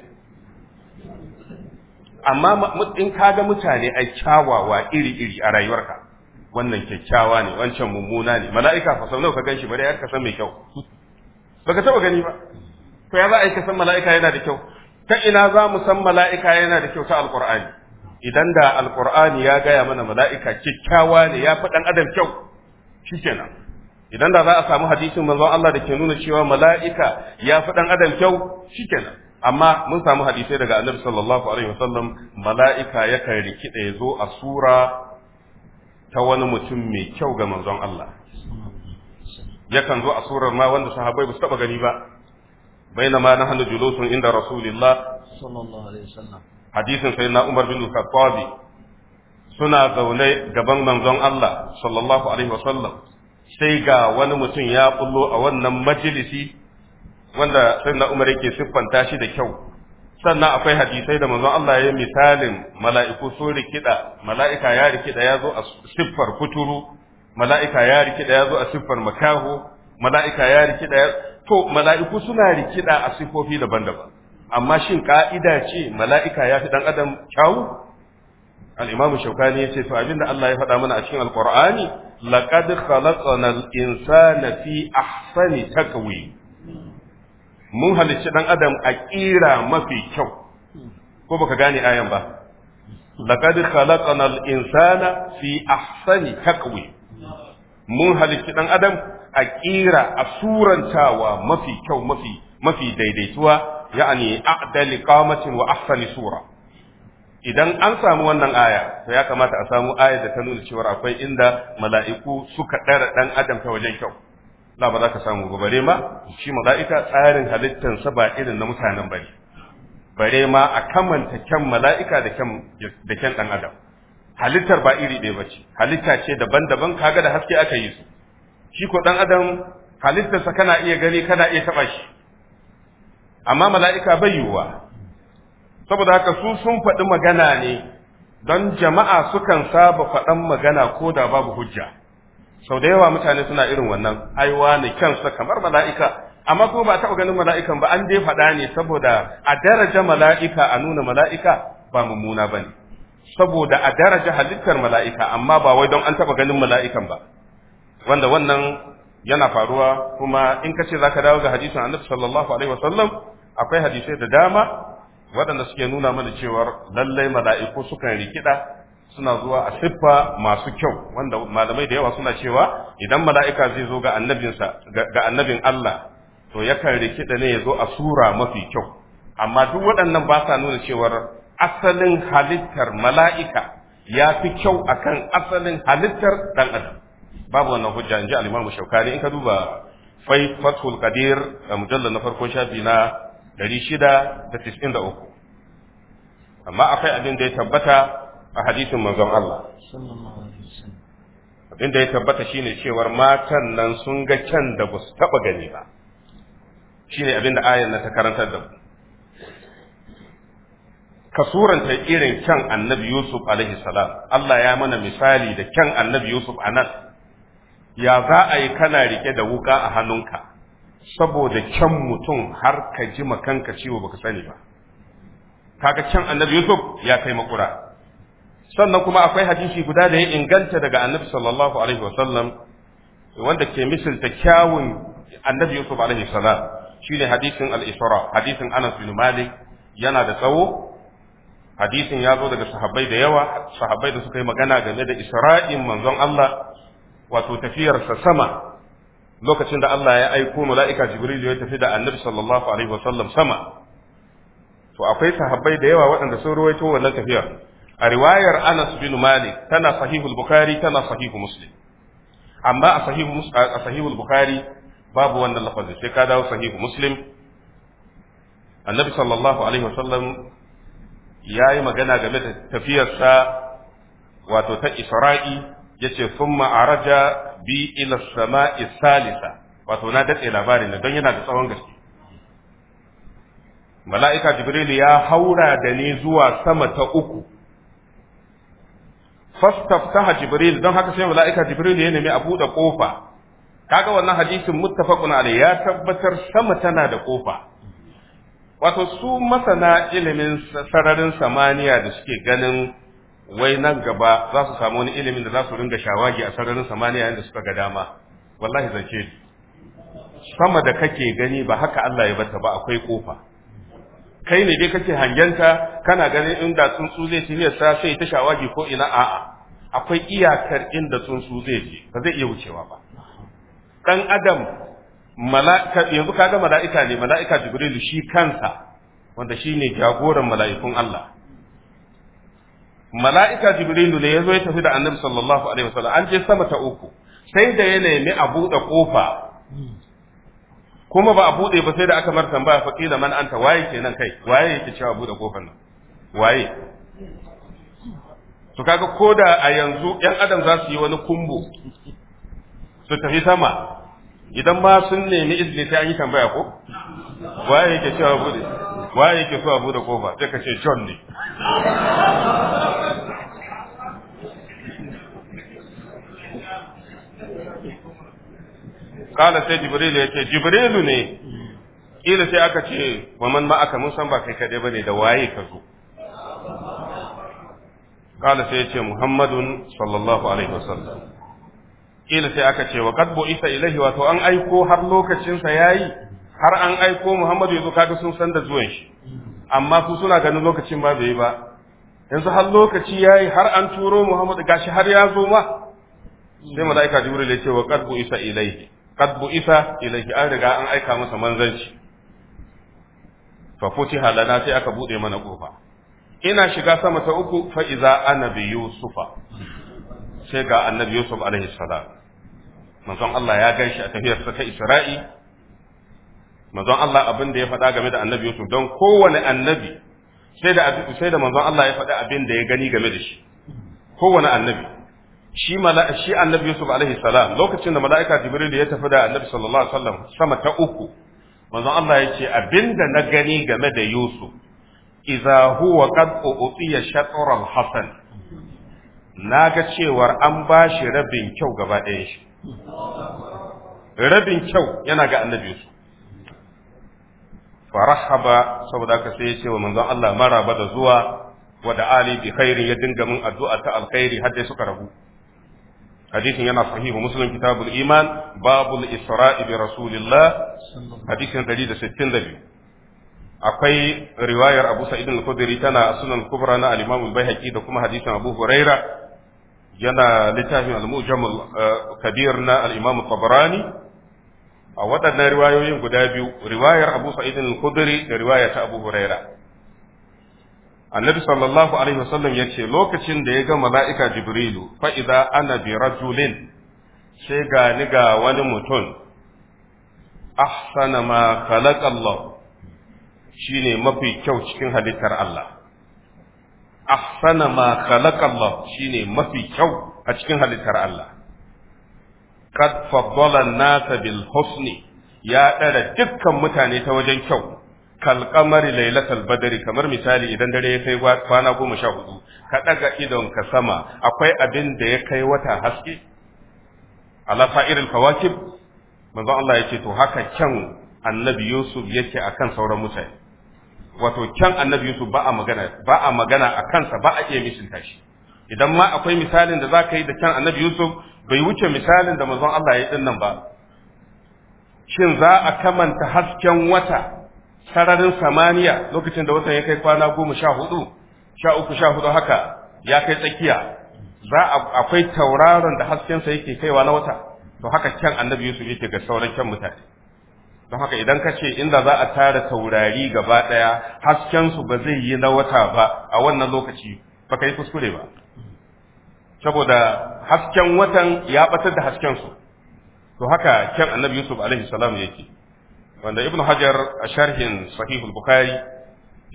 amma in ka ga mutane ai kyawawa iri-iri a rayuwarka wannan kyakkyawa ne wancan mummuna ne mala'ika fa sau nawa ka ganshi bare har ka san mai kyau baka taba gani ba to ya za a yi ka mala'ika yana da kyau ta ina za mu san mala'ika yana da kyau ta alqur'ani idan da alqur'ani ya gaya mana mala'ika kyakkyawa ne ya fi dan adam kyau shikenan idan da za a samu hadisin manzo Allah da ke nuna cewa mala'ika ya fi dan adam kyau shikenan amma mun samu hadisai daga annabi sallallahu alaihi wasallam mala'ika yakan rikida ya zo a sura ta wani mutum mai kyau ga manzon Allah yakan zo a surar ma wanda sahabbai ba su taba gani ba بينما نحن جلوس عند رسول الله صلى الله عليه وسلم حديث سيدنا عمر بن الخطاب suna zaune gaban manzon Allah sallallahu alaihi wasallam sai ga wani mutum ya bullo a wannan majalisi wanda sayyidina Umar yake siffanta shi da kyau sannan akwai hadisai da manzon Allah ya yi misalin mala'iku sun rikida mala'ika ya rikida ya zo a siffar kuturu mala'ika ya rikida ya zo a siffar makaho mala'ika ya rikida to mala'iku suna rikida a siffofi daban-daban amma shin ƙa'ida ce mala'ika ya fi dan adam kyawu al-imamu ya ce, to abinda Allah ya faɗa mana a cikin alqur'ani laqad khalaqnal insana fi ahsani takwim mun halicci ɗan adam a ƙira mafi kyau ko baka gane ayan ba laqad khalaqnal insana fi ahsani takwim mun halicci ɗan adam a ƙira a surantawa mafi kyau mafi mafi daidaituwa ya'ani a'dali qamatin wa ahsani sura idan an samu wannan aya to ya kamata a samu aya da ta nuna cewa akwai inda mala'iku suka dara dan adam ta wajen kyau la ba za ka samu bare ma shi mala'ika tsarin halittansa ba irin na mutanen bane bare ma a kamanta kyan mala'ika da kyan da kyan dan adam halittar ba iri ɗaya bace halitta ce daban-daban kaga da haske aka yi su shi ko dan adam halittarsa kana iya gani kana iya taba shi amma mala'ika bai yiwuwa saboda haka su sun faɗi magana ne don jama'a sukan saba faɗan magana ko da babu hujja sau da yawa mutane suna irin wannan aiwa ne kansa kamar mala'ika amma kuma ba taɓa ganin mala'ikan ba an dai faɗa ne saboda a daraja mala'ika a nuna mala'ika ba mummuna ba ne saboda a daraja halittar mala'ika amma ba wai don an taba ganin mala'ikan ba wanda wannan yana faruwa kuma in kace za ka dawo ga hadisin annabi sallallahu alaihi wasallam akwai hadisai da dama waɗanda suke nuna mana cewar lallai mala'iku sukan rikida suna zuwa a siffa masu kyau wanda malamai da yawa suna cewa idan mala'ika zai zo ga ga annabin Allah to yakan rikida ne ya zo a sura mafi kyau amma duk waɗannan ba sa nuna cewar asalin halittar mala'ika ya fi kyau a kan asalin halittar ɗan adam babu wannan hujja in ji imam Shawkani in ka duba fai Fathul kadir a mujallar na farko shafi na 693 amma akwai abin da ya tabbata a hadisin manzon Allah abin da ya tabbata shine cewar matan nan sun ga can da ba su taɓa gani ba shine abin da ayan na ta karantar da mu ka suranta irin kyan annabi Yusuf alaihi salam Allah ya mana misali da kyan annabi Yusuf nan, ya za a yi kana rike da wuka a hannunka saboda kyan mutum har ka ji makanka ciwo baka sani ba kaga kyan annabi Yusuf ya kai makura sannan kuma akwai hadisi guda da ya inganta daga annabi sallallahu alaihi wasallam wanda ke misalta kyawun annabi Yusuf alaihi salam shine hadisin al-Isra hadisin Anas bin Malik yana da tsawo hadisin ya zo daga sahabbai da yawa sahabbai da suka yi magana game da isra'in manzon Allah wato tafiyarsa sama lokacin da Allah ya aiko mala'ika jibril ya tafi da annabi sallallahu alaihi wasallam sama to akwai sahabbai da yawa waɗanda sun ruwaito wannan tafiyar a riwayar Anas bin Malik tana sahihul Bukhari tana sahihu Muslim amma a sahihu a sahihul Bukhari babu wannan lafazin sai ka dawo sahihu Muslim annabi sallallahu alaihi wasallam ya yi magana game da tafiyarsa wato ta isra'i ya ce sun ma'araja bi ila sama salisa wato na datse labarin don yana da tsawon gaske mala'ika jibril ya haura da ni zuwa sama ta uku fastaftaha jibril don haka sai mala'ika jibril ya nemi a buɗe ƙofa kaga wannan hadisin muttafaqun alayhi ya tabbatar sama tana da ƙofa wato su masana ilimin sararin samaniya da suke ganin wai nan gaba za su samu wani ilimin da za su ringa shawagi a sararin samaniya yadda suka ga dama wallahi zance sama da kake gani ba haka Allah ya bata ba akwai kofa kai ne dai kake hangenta kana ganin inda tsuntsu zai ci ne sa sai ta shawagi ko ina a'a akwai iyakar inda tsuntsu zai je ba zai iya wucewa ba dan adam mala'ika yanzu kaga mala'ika ne mala'ika jibril shi kansa wanda shine jagoran mala'ikun Allah mala'ika jibrilu ne ya zo ya tafi da annabi sallallahu alaihi wasallam an je sama ta uku sai da ya nemi a buɗe kofa kuma ba a buɗe ba sai da aka martan tambaya fa kila man anta waye kenan kai waye yake cewa buɗe kofar nan waye to kaga koda a yanzu yan adam za su yi wani kumbo su tafi sama idan ma sun nemi izini sai an yi tambaya ko waye yake cewa bude waye yake so a bude kofa sai ka ce John ne kala sai jibril ya ce jibril ne kila sai aka ce wa man ma aka mun san ba kai kade bane da waye ka zo kala sai ya ce muhammadun sallallahu alaihi wasallam kila sai aka ce wa qad isa ilaihi wato an aiko har lokacin sa yayi har an aiko Muhammadu yazo kaga sun san da zuwan shi amma su suna ganin lokacin ba zai ba yanzu har lokaci yayi har an turo Muhammadu gashi har ya zo ma sai malaika Jibril ya ce wa qad isa ilaihi qad isa ilahi an riga an aika masa manzanci fa futiha lana sai aka bude mana kofa ina shiga sama ta uku fa iza ana bi yusufa sai ga annabi yusuf alaihi salam manzon Allah ya gan shi a tafiyarsa ta Isra'i manzon Allah abin da ya faɗa game da annabi Yusuf don kowane annabi sai da sai da manzon Allah ya faɗa abin da ya gani game da shi kowane annabi shi shi annabi Yusuf alaihi salam lokacin da mala'ika Jibril ya tafi da annabi sallallahu alaihi wasallam sama ta uku manzon Allah ya ce abin da na gani game da Yusuf idza huwa qad utiya shatr al-hasan ga cewar an ba shi rabin kyau gaba ɗayan shi rabin kyau yana ga annabi su farahaba saboda haka sai ya ce wa manzon Allah maraba da zuwa wa da ali bi khairin ya dinga min addu'a ta alkhairi har dai suka rabu hadisin yana sahihu muslim kitabul iman babul isra'i bi rasulillah hadisin 162 akwai riwayar abu sa'id al-khudri tana sunan kubra na al-imam al da kuma hadisin abu huraira yana littafin al-mujam eh, kabir na al-imam tabarani a waɗannan riwayoyin guda biyu riwayar abu sa'id al-khudri da riwayar ta abu huraira annabi sallallahu alaihi wasallam ya ce lokacin da ya ga mala'ika jibrilu fa idza ana bi rajulin sai ga ni ga wani mutum ahsana ma Allah shine mafi kyau cikin halittar Allah ahsana ma khalaqa Allah shine mafi kyau a cikin halittar Allah kad faddala an-nasa bil husni ya dara dukkan mutane ta wajen kyau kal qamari lailatul badri kamar misali idan dare ya kai kwana goma sha hudu ka daga idon ka sama akwai abin da ya kai wata haske ala sa'iril kawakib manzo Allah yake to haka kyan annabi Yusuf yake akan sauran mutane wato can annabi Yusuf ba a magana ba a magana a kansa ba a iya misinta shi idan ma akwai misalin da za ka yi da can annabi Yusuf bai wuce misalin da manzon Allah ya yi dinnan ba shin za a kamanta hasken wata sararin samaniya lokacin da watan ya kai kwana goma sha hudu sha uku sha hudu haka ya kai tsakiya za a akwai tauraron da haskensa yake kaiwa na wata to haka can annabi Yusuf yake ga sauran kyan mutane don haka idan ka ce inda za a tara taurari gaba ɗaya haskensu ba zai yi na wata ba a wannan lokaci ba ka yi kuskure ba saboda hasken watan ya ɓatar da haskensu to haka kyan annabi yusuf alaihi salam yake wanda ibnu hajar a sharhin sahihul bukhari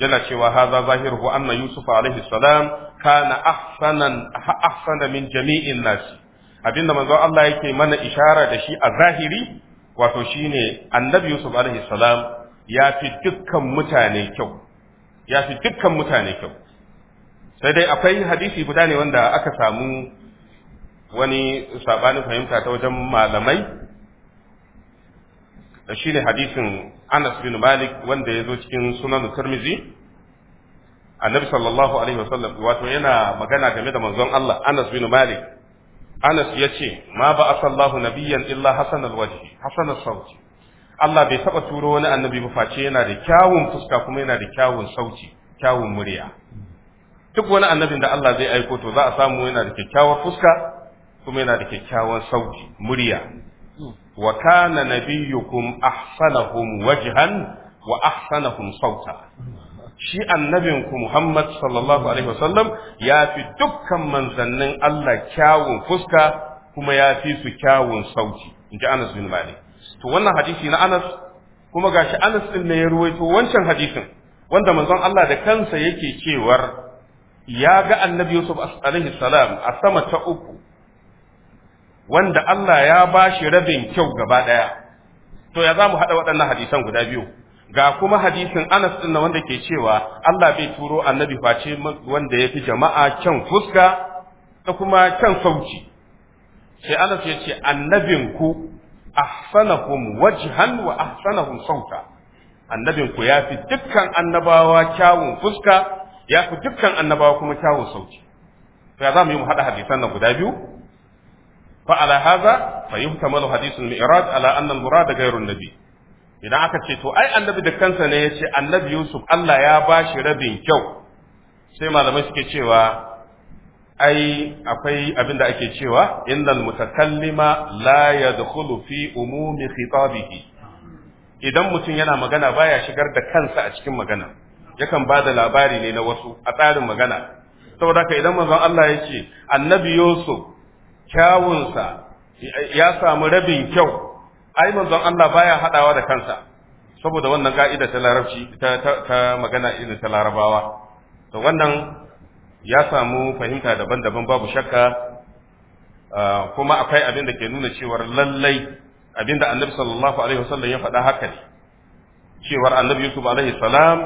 yana cewa haza zahiruhu anna yusuf alaihi salam kana ahsanan ahsana min jami'in nasi abinda manzo Allah yake mana ishara da shi a zahiri wato shine annabi yusuf alaihi salam ya fi dukkan mutane kyau ya fi dukkan mutane kyau sai dai akwai hadisi guda ne wanda aka samu wani sabanin fahimta ta wajen malamai da shine hadisin Anas bin Malik wanda ya zo cikin sunan Tirmidhi annabi sallallahu alaihi wasallam wato yana magana game da manzon Allah Anas bin Malik Anas ya ce, Ma ba asallahu nabiyan illa hasan waje, hasan sauti. Allah bai taɓa turo wani annabi ba face yana da kyawun fuska kuma yana da kyawun sauti, kyawun murya. Duk wani annabin da Allah zai aiko to za a samu yana da kyakkyawar fuska kuma yana da kyakkyawan sauti, murya. Wa kana nabiyyukum ahsanahum wajhan wa ahsanahum sauta. shi annabinku Muhammad sallallahu alaihi wasallam ya fi dukkan manzannin Allah kyawun fuska kuma ya fi su kyawun sauti in ji Anas bin Malik to wannan hadisi na Anas kuma gashi Anas din ne ya ruwaito wancan hadisin wanda manzon Allah da kansa yake cewar ya ga annabi Yusuf alaihi salam a sama ta uku wanda Allah ya bashi rabin kyau gaba daya to ya za mu haɗa waɗannan hadisan guda biyu ga kuma hadisin Anas din wanda ke cewa Allah bai turo annabi face wanda ya fi jama'a kyan fuska da kuma kyan sauci sai Anas ya ce annabinku ahsanahum wajhan wa ahsanahum sauta annabinku ya fi dukkan annabawa kyawun fuska ya fi dukkan annabawa kuma kyawun sauki. sai za mu yi mu haɗa hadisan nan guda biyu fa ala haza fa yuhtamalu hadisul mi'raj ala anna al-murad ghayru an-nabi idan aka ce to ai annabi da kansa ne ya ce annabi yusuf allah ya ba shi rabin kyau sai malamai suke cewa ai akwai abin da ake cewa innal mutakallima la yadkhulu fi umumi khitabihi idan mutum yana magana baya shigar da kansa a cikin magana yakan ba da labari ne na wasu a tsarin magana saboda haka idan manzon Allah ya ce annabi Yusuf kyawunsa ya samu rabin kyau ai manzon Allah baya hadawa da kansa saboda wannan ka'ida ta larabci ta, magana irin ta larabawa to wannan ya samu fahimta daban-daban babu shakka ah, kuma akwai abin da ke nuna cewar lallai abinda annabi sallallahu alaihi wasallam ya faɗa haka ne cewar annabi yusuf alaihi salam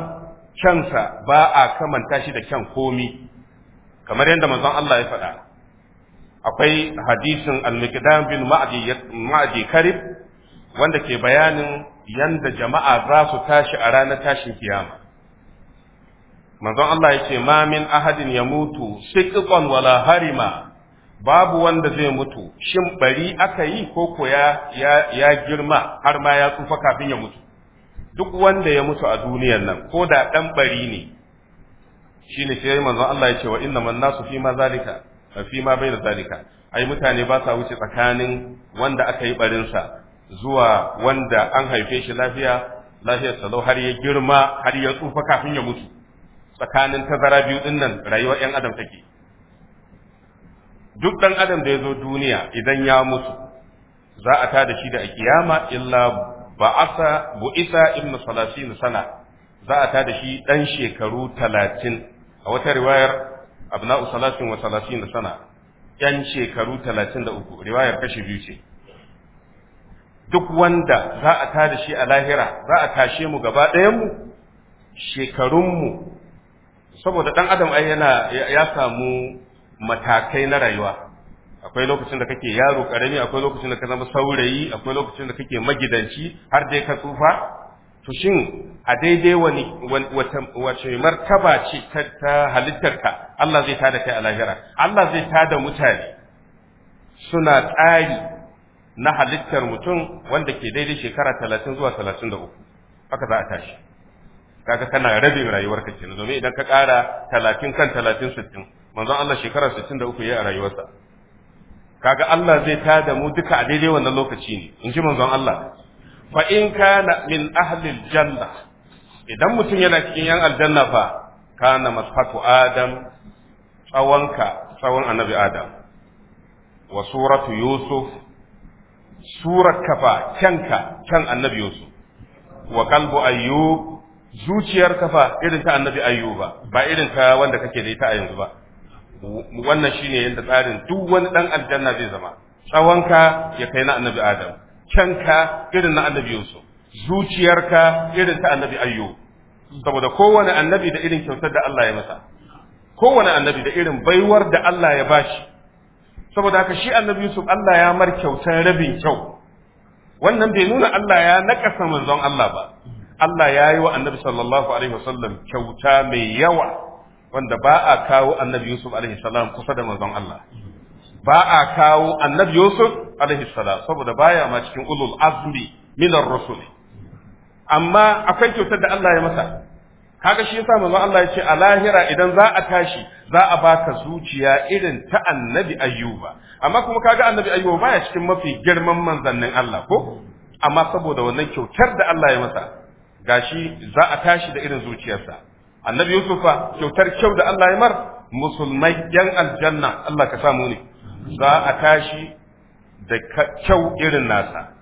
kyansa ba a kamanta shi da kyan komi kamar yadda manzon Allah ya faɗa akwai hadisin al-miqdam bin ma'di ma'di karib wanda ke bayanin yanda jama'a za su tashi a ranar tashin kiyama manzon Allah yake ma ahadin ya mutu siqan wala harima babu wanda zai mutu shin bari aka yi ko ya, ya girma har ma ya tsufa kafin ya mutu duk wanda ya mutu a duniyar nan ko da ɗan bari ne shine sai manzon Allah ya ce wa inna man nasu fi ma zalika fi ma bayna zalika ai mutane ba sa wuce tsakanin wanda aka yi barinsa. zuwa wanda an haife shi lafiya lafiyar salau har ya girma har ya tsufa kafin ya mutu tsakanin tazara biyu din nan rayuwar yan adam take duk ɗan adam da ya zo duniya idan ya mutu za a tada shi da kiyama illa ba'asa bu'isa ibn salasin sana za a tada shi dan shekaru talatin a wata riwayar abna'u salasin wa salasin sana yan shekaru talatin da uku riwayar kashi biyu ce duk wanda za a tada shi a lahira za a tashe mu gaba ɗayan ɗayanmu shekarunmu saboda ɗan adam ai yana ya samu matakai na rayuwa akwai lokacin da kake yaro karami akwai lokacin da ka zama saurayi akwai lokacin da kake magidanci har dai ka tsufa to shin a daidai wani wace martaba ce ta halittarka Allah zai tada kai a lahira Allah zai tada mutane suna tsari na halittar mutum wanda ke daidai shekara talatin zuwa talatin da uku haka za a tashi kaga kana rabin rayuwarka kenan domin idan ka ƙara talatin kan talatin sittin manzon Allah shekara sittin da uku ya yi a rayuwarsa kaga Allah zai tada mu duka a daidai wannan lokaci ne in ji manzon Allah fa in kana min ahli janna. idan mutum yana cikin yan aljanna fa kana masfatu adam tsawonka tsawon annabi adam wa suratu yusuf surar kafa kyanka kyan annabi yusuf wa kalbu ayyub zuciyar kafa irin ta annabi ayyuba ba irin ta wanda kake da ita a yanzu ba wannan shine yanda tsarin duk wani dan aljanna zai zama tsawonka ya kai na annabi adam kyanka irin na annabi yusuf zuciyarka irin ta annabi ayyub saboda kowane annabi da irin kyautar da Allah ya masa kowane annabi da irin baiwar da Allah ya bashi saboda haka shi annabi Yusuf Allah ya mar kyautar rabin kyau wannan bai nuna Allah ya nakasa manzon Allah ba Allah ya yi wa annabi sallallahu alaihi wasallam kyauta mai yawa wanda ba a kawo annabi Yusuf alaihi salam kusa da manzon Allah ba a kawo annabi Yusuf alaihi salam saboda baya ma cikin ulul azmi min ar-rusul amma akwai kyautar da Allah ya masa kaga shi yasa manzon Allah ya ce a lahira idan za a tashi za a baka zuciya irin ta annabi ayyuba amma kuma kaga annabi ayyuba baya cikin mafi girman manzannin Allah ko amma saboda wannan kyautar da Allah ya masa gashi za a tashi da irin zuciyarsa annabi yusuf fa kyautar kyau da Allah ya mar musulmai yan aljanna Allah ka samu ne za a tashi da kyau irin nasa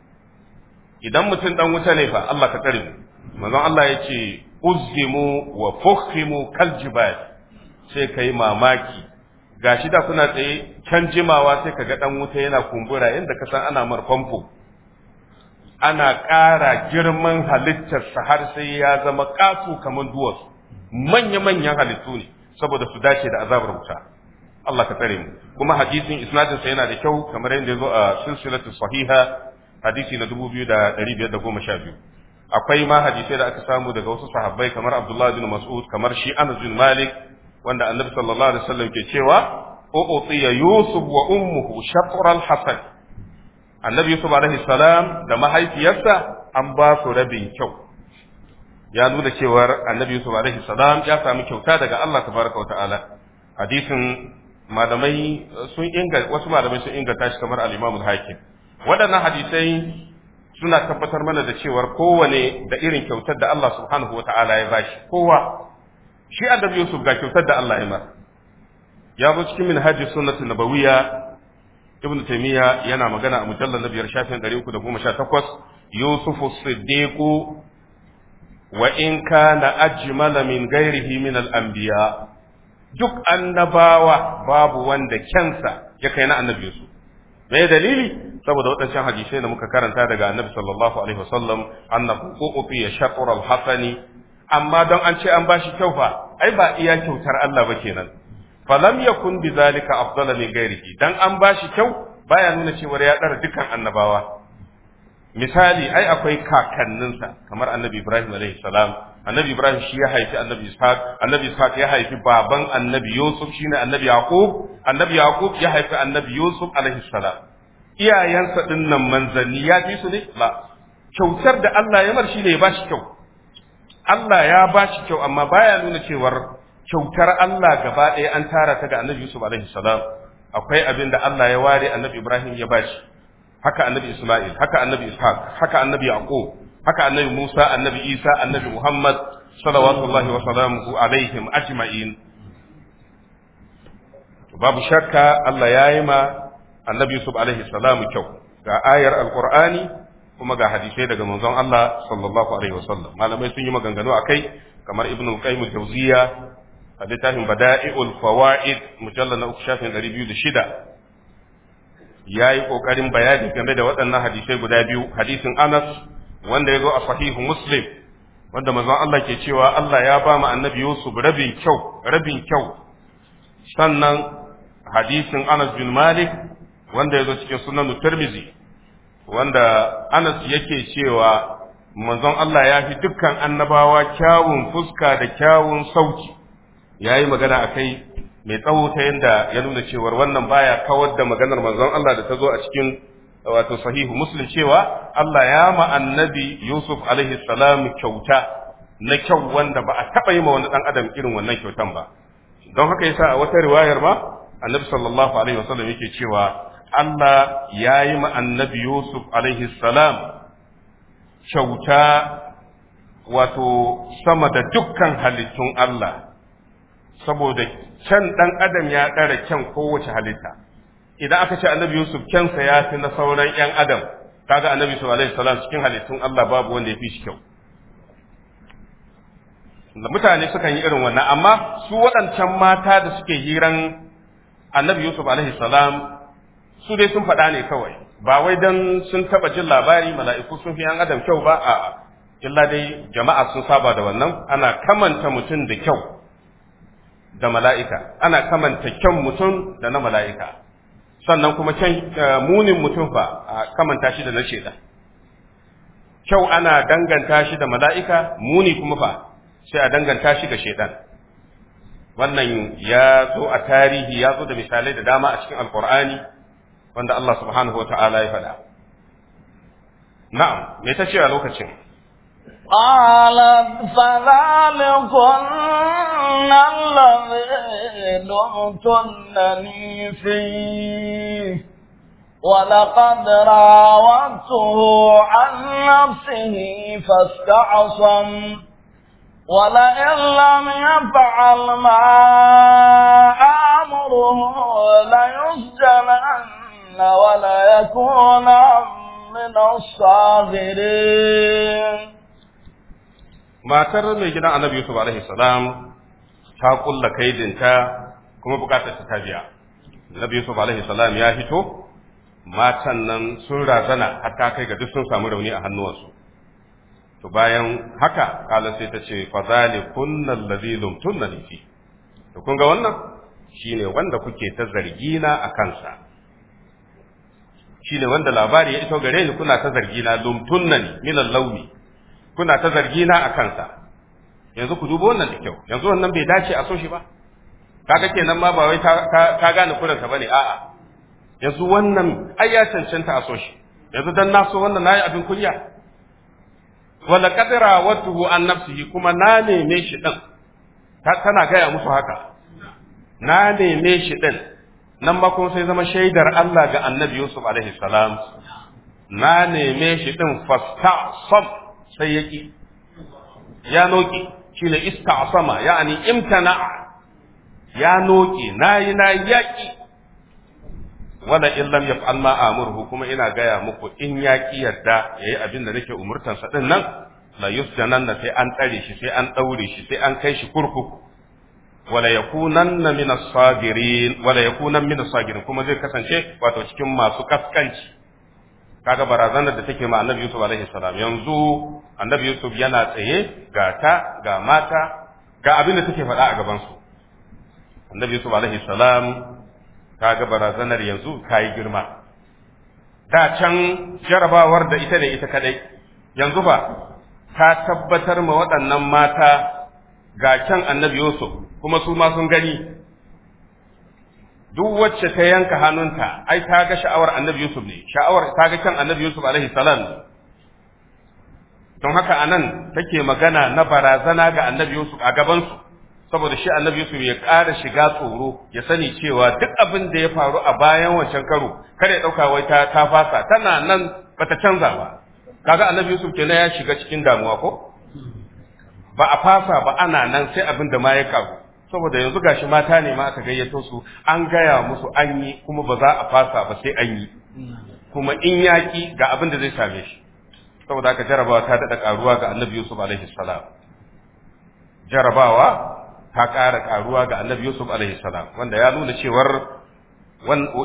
idan mutum dan wuta ne fa Allah ka kare mu manzon Allah ya ce Uzimu wa fukhimu kal jibal sai kai mamaki gashi da kuna tsaye can jimawa sai kaga dan wuta yana kumbura inda ka san ana mar famfo ana ƙara girman halittarsa har sai ya zama kasu kamar duwatsu manya-manyan halittu ne saboda su dace da azabar wuta Allah ka tsare mu kuma hadisin isnadin sa yana da kyau kamar yadda yazo a silsilatu sahiha hadisi na 2512 akwai ma hadisai da aka samu daga wasu sahabbai kamar Abdullah bin Mas'ud kamar shi Anas bin Malik wanda Annabi sallallahu alaihi wasallam ke cewa o u'tiya Yusuf wa ummuhu shatr al-hasan Annabi Yusuf alaihi salam da mahaifiyarsa an ba su rabin kyau ya nuna cewar Annabi Yusuf alaihi salam ya samu kyauta daga Allah tabaraka wa ta'ala hadisin malamai sun inganta wasu malamai sun inga tashi kamar al-Imam al-Hakim waɗannan hadisai suna tabbatar mana da cewar kowane da irin kyautar da Allah subhanahu wa ta'ala ya bashi kowa shi annabi Yusuf ga kyautar da Allah ya masa ya zo cikin minhajus sunnatu nabawiyya ibnu taymiya yana magana a mujallal na biyar shafin Yusuf, yusufu siddiqu wa in kana ajmala min ghairihi min al-anbiya duk annabawa babu wanda kyansa ya kai na annabi yusuf me dalili saboda waɗancan hadisai da muka karanta daga annabi sallallahu alaihi wasallam annahu uqiya shatr al-hasani amma don an ce an bashi kyau fa ai ba iya kyautar Allah ba kenan falam yakun bizalika afdala li ghairihi dan an bashi kyau baya nuna cewa ya dara dukan annabawa misali ai akwai kakanninsa kamar annabi Ibrahim alaihi salam annabi ibrahim shi ya haifi annabi ishaq annabi ishaq ya haifi baban annabi yusuf shine annabi yaqub annabi yaqub ya haifi annabi yusuf alaihi salam iyayensa ɗin nan manzanni ya fi su ne ba kyautar da Allah ya mar shi ne ya ba shi kyau Allah ya ba shi kyau amma baya nuna cewar kyautar Allah gaba ɗaya an tara ta ga annabi Yusuf alaihi salam akwai abin da Allah ya ware annabi Ibrahim ya ba shi haka annabi Isma'il haka annabi Ishaq haka annabi Yaqub haka annabi Musa annabi Isa annabi Muhammad sallallahu wa sallamu alaihim ajma'in babu shakka Allah ya yi ma annabi Yusuf alaihi salam kyau ga ayar alqur'ani kuma ga hadisai daga manzon Allah sallallahu alaihi wasallam malamai sun yi maganganu akai kamar ibnu al-qayyim al-jawziya a littafin bada'i'ul fawaid mujallal na uku shafin 206 ya yi ƙoƙarin bayani game da waɗannan hadisai guda biyu hadisin anas wanda ya zo a sahihu muslim wanda mazan Allah ke cewa Allah ya ba mu annabi yusuf rabin kyau rabin kyau sannan hadisin anas bin malik wanda ya zo cikin sunan Tirmidhi wanda Anas yake cewa manzon Allah ya fi dukkan annabawa kyawun fuska da kyawun sauti yayi magana akai mai tsawo ta yanda ya nuna cewa wannan baya kawar da maganar manzon Allah da ta zo a cikin wato sahihu Muslim cewa Allah ya ma annabi Yusuf alaihi salam kyauta na kyau wanda ba a taɓa yi ma wani dan adam irin wannan kyautan ba don haka yasa a wata riwayar ma annabi sallallahu alaihi wasallam yake cewa Allah ya yi annabi Yusuf alaihi salam kyauta wato sama da dukkan halittun Allah, saboda kyan ɗan adam ya ɗara kyan kowace halitta. Idan aka ce annabi Yusuf kyansa ya fi na sauran ‘yan adam, kaga annabi Yusuf alaihi salam cikin halittun Allah babu wanda ya fi shi kyau. Mutane sukan yi irin wannan, amma su waɗancan mata da suke hiran annabi Yusuf alaihi salam su dai sun faɗa ne kawai ba wai don sun taɓa jin labari mala'iku sun fi yan adam kyau ba a'a illa dai jama'a sun saba da wannan ana kamanta mutum da kyau da mala'ika ana kamanta kyan mutum da na mala'ika sannan kuma kyan eh, munin mutum fa a kamanta shi da na sheda kyau ana danganta shi da mala'ika muni kuma fa sai a danganta shi ga shaidan wannan ya zo a tarihi ya zo da misalai da dama a cikin alkur'ani wanda Allah subhanahu wa ta'ala ya faɗa na'am me ta ce a lokacin ولقد راودته عن نفسه فاستعصم ولئن لم يفعل ما آمره ليسجنن يكون من الصاغرين ما ترى من جنا النبي يوسف عليه السلام تقول لك يدنتا كما بقات تتابعه النبي يوسف عليه السلام يا هيتو matan nan sun razana حتى kai ga duk sun samu rauni a hannuwansu to bayan haka kala sai ta ce fa kunna allazi lumtunna fi to kun ga wannan shine wanda kuke ta zargi na a kansa shine wanda labari ya iso gare ni kuna ta zargi zargina lumtunnani min al-lawmi kuna ta zargi na a kansa yanzu ku dubo wannan da kyau yanzu wannan bai dace a so shi ba kaga kenan ma ba wai ka gane kuran ka bane a'a yanzu wannan ai ya cancanta a so shi yanzu dan na so wannan nayi abin kunya wala qadra watuhu an nafsihi kuma na neme shi din tana gaya musu haka na neme shi din nan ba kuma sai zama shaidar Allah ga annabi Yusuf alaihi salam na neme shi din fastasam sai ya ki ya noki shine istasama yani imtana ya noki nayi na yaki wala in lam yaf'al ma amuruhu kuma ina gaya muku in ya ki yadda yayi abin da nake umurtansa din nan la yusjananna sai an tsare shi sai an daure shi sai an kai shi kurkuku wala yakunanna min as-sabirin wala yakunan min as kuma zai kasance wato cikin masu kaskanci kaga barazanar da take ma annabi Yusuf alaihi salam yanzu annabi Yusuf yana tsaye ga ta ga mata ga abin da take faɗa a gaban su annabi Yusuf alaihi salam kaga barazanar yanzu yi girma da can jarabawar da ita ne ita kadai yanzu ba ta tabbatar ma waɗannan mata ga can annabi Yusuf kuma su ma sun gani duk wacce ta yanka hannunta ai ta ga sha'awar annabi Yusuf ne sha'awar ta ga kyan annabi Yusuf alaihi salam don haka anan take magana na barazana ga annabi Yusuf a gabansu saboda shi annabi Yusuf ya ƙara shiga tsoro ya sani cewa duk abin da ya faru a bayan wancan karo kada ya ɗauka wai ta ta fasa tana nan bata canza ba kaga annabi Yusuf kenan ya shiga cikin damuwa ko ba a fasa ba ana nan sai abin da ma ya karu saboda yanzu gashi mata ne ma aka gayyato su an gaya musu an yi kuma ba za a fasa ba sai an yi kuma in yaƙi ga abin da zai same shi saboda haka jarabawa ta daɗa ƙaruwa ga annabi yusuf alaihi salam jarabawa ta ƙara ƙaruwa ga annabi yusuf alaihi salam wanda ya nuna cewar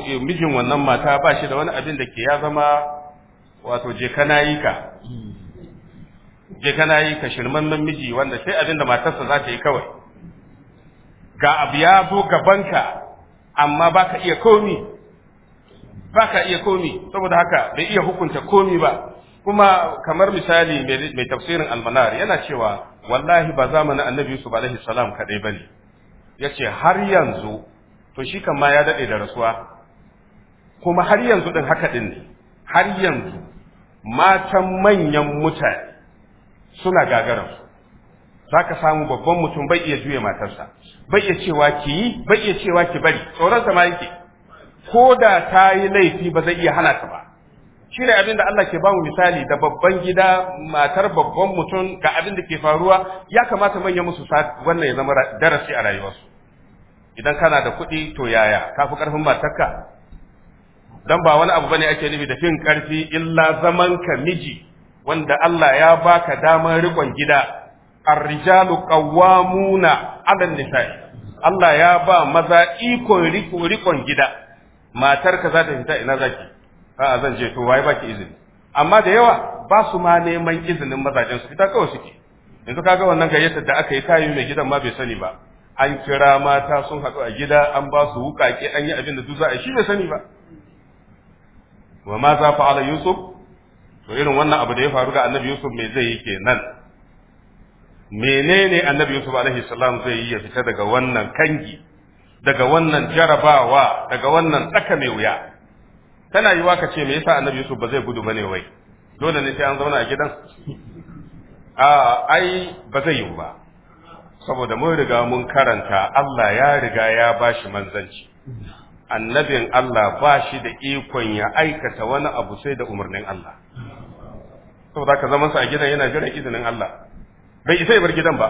e, mijin wannan mata ba shi da wani abin da ke ya zama wato je kana yi ka je kana yi ka shirman miji wanda sai abin da matarsa za ta yi kawai ga abu ya zo gabanka amma baka iya komi baka iya komi saboda haka bai iya hukunta komi ba kuma kamar misali mai tafsirin almanar yana cewa wallahi ba zamanin annabi su ba alaihi salam kadai Ya ce har yanzu to shi kan ma ya daɗe da rasuwa kuma har yanzu ɗin haka din ne har yanzu matan manyan mutane suna su. za ka samu babban mutum bai iya juya matarsa bai iya cewa ki yi bai iya cewa ki bari tsoronsa ma yake ko da ta yi laifi ba zai iya hana ta ba shi ne abin da Allah ke ba mu misali da babban gida matar babban mutum ga abin da ke faruwa ya kamata manya musu wannan ya zama darasi a rayuwarsu idan kana da kuɗi to yaya ka fi ƙarfin matarka dan ba wani abu ba ne ake nufi da fin ƙarfi illa zaman ka miji wanda Allah ya baka damar rikon gida ar-rijalu qawwamuna 'ala nisa'i Allah ya ba maza ikon rikon gida matar ka za ta fita ina zaki a zan je to waye baki izini amma da yawa ba su ma neman izinin mazajen su fita kawai suke yanzu kaga wannan gayyata da aka yi kayi mai gidan ma bai sani ba an kira mata sun haɗu a gida an ba su wuƙaƙe an yi abin da duk za a shi bai sani ba wa ma za fa yusuf to irin wannan abu da ya faru ga annabi yusuf me zai yi ke nan? menene annabi yusuf alaihi salam zai yi ya fita daga wannan kangi daga wannan jarabawa daga wannan tsaka mai wuya tana yiwa ka ce me yasa annabi yusuf ba zai gudu bane wai dole ne sai an zauna a gidan a ai ba zai yi ba saboda mun riga mun karanta Allah ya riga ya bashi manzanci annabin Allah ba shi da ikon ya aikata wani abu sai da umarnin Allah saboda ka zaman sa a gidan yana jiran izinin Allah bai isa bar gidan ba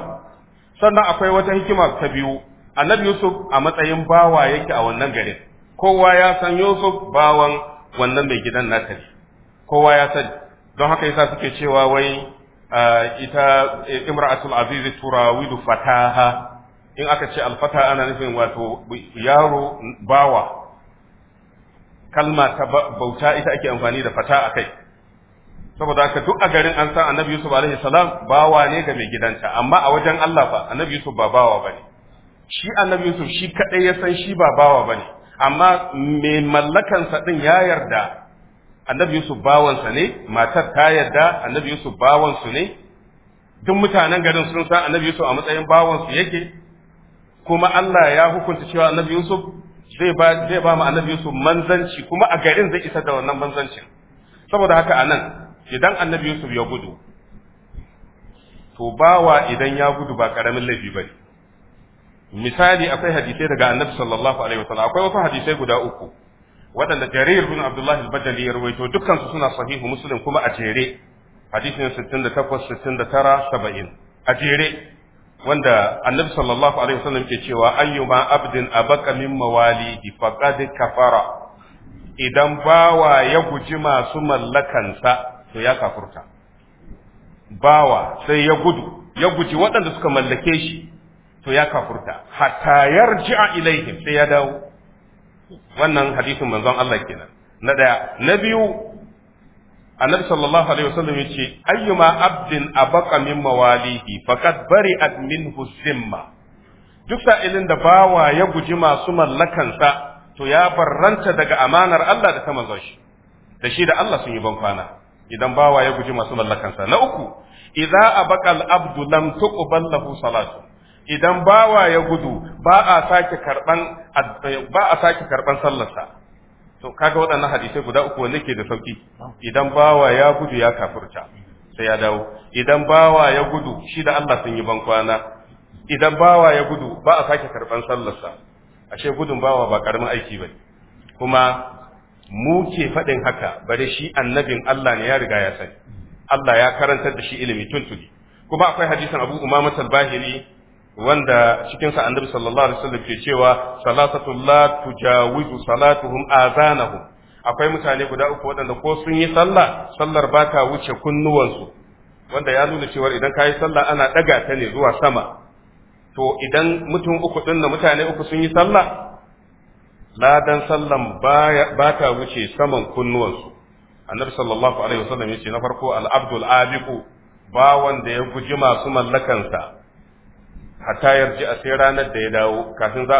sannan akwai wata hikima ta biyu annabi Yusuf a matsayin bawa yake a wannan garin kowa ya san Yusuf bawan wannan mai gidan nata kowa ya sani don haka yasa suke cewa wai ah, ita eh, imra'atul aziz turawidu fataha in aka ce alfata ana nufin wato yaro bawa kalma ta bauta ita ake amfani da fata a kai saboda haka duk a garin an san annabi yusuf alaihi salam bawa ne ga mai gidanta amma a wajen allah fa annabi yusuf ba bawa bane shi annabi yusuf shi kaɗai ya san shi ba bawa bane amma mai mallakansa din ya yarda annabi yusuf bawansa ne matar ta yarda annabi yusuf bawansu ne duk mutanen garin sun san annabi yusuf a matsayin bawansu yake kuma Allah ya hukunta cewa annabi Yusuf zai ba zai ba mu annabi Yusuf manzanci kuma a garin zai isa da wannan manzancin saboda haka anan idan annabi Yusuf ya gudu to bawa idan ya gudu ba karamin laifi ba misali akwai hadisai daga annabi sallallahu alaihi wasallam akwai wasu hadisai guda uku waɗanda jarir bin abdullah al badali ya rawaito dukkan su suna sahihu muslim kuma a jere hadisin 68 69 70 a jere wanda annabi sallallahu alaihi wasallam ke cewa ayyuma abdin abaka min mawalidi faqad kafara idan bawa ya guji masu mallakansa to ya kafurta bawa sai ya gudu ya guji waɗanda suka mallake shi to ya kafurta hatta yarji'a ilaihim sai ya dawo wannan hadisin manzon Allah kenan na daya na biyu annabi sallallahu alaihi wasallam ce ayyuma abdin abaqa min mawalihi faqad bari'at minhu zimma duk sa'ilin da bawa ya guji masu mallakansa to ya barranta daga amanar Allah da ta manzon shi da shi da Allah sun yi ban kwana idan bawa ya guji masu mallakansa na uku idza abaqal abdu lam tuqbal lahu salatu idan bawa ya gudu ba a sake karban ba a sake karban sallarsa to kaga waɗannan hadisai guda uku wanda ke da sauki idan bawa ya gudu ya kafurta sai ya dawo idan bawa ya gudu shi da Allah sun yi bankwana idan bawa ya gudu ba a sake karban sallarsa ashe gudun bawa ba karamin aiki bane kuma mu ke faɗin haka bare shi annabin Allah ne ya riga ya sani Allah ya karantar da shi ilimi tuntuni kuma akwai hadisin Abu Umama Al-Bahiri wanda cikinsa annabi sallallahu alaihi wasallam ke cewa salatu la tujawizu salatuhum azanahu akwai mutane guda uku waɗanda ko sun yi sallah sallar ba ta wuce kunnuwansu wanda ya nuna cewa idan ka yi sallah ana ɗaga ta ne zuwa sama to idan mutum uku ɗin da mutane uku sun yi sallah ladan sallan ba ta wuce saman kunnuwansu annabi sallallahu alaihi wasallam ya ce na farko al-abdul abiku ba wanda ya guji masu mallakansa hatta yarji a sai ranar da ya dawo kafin za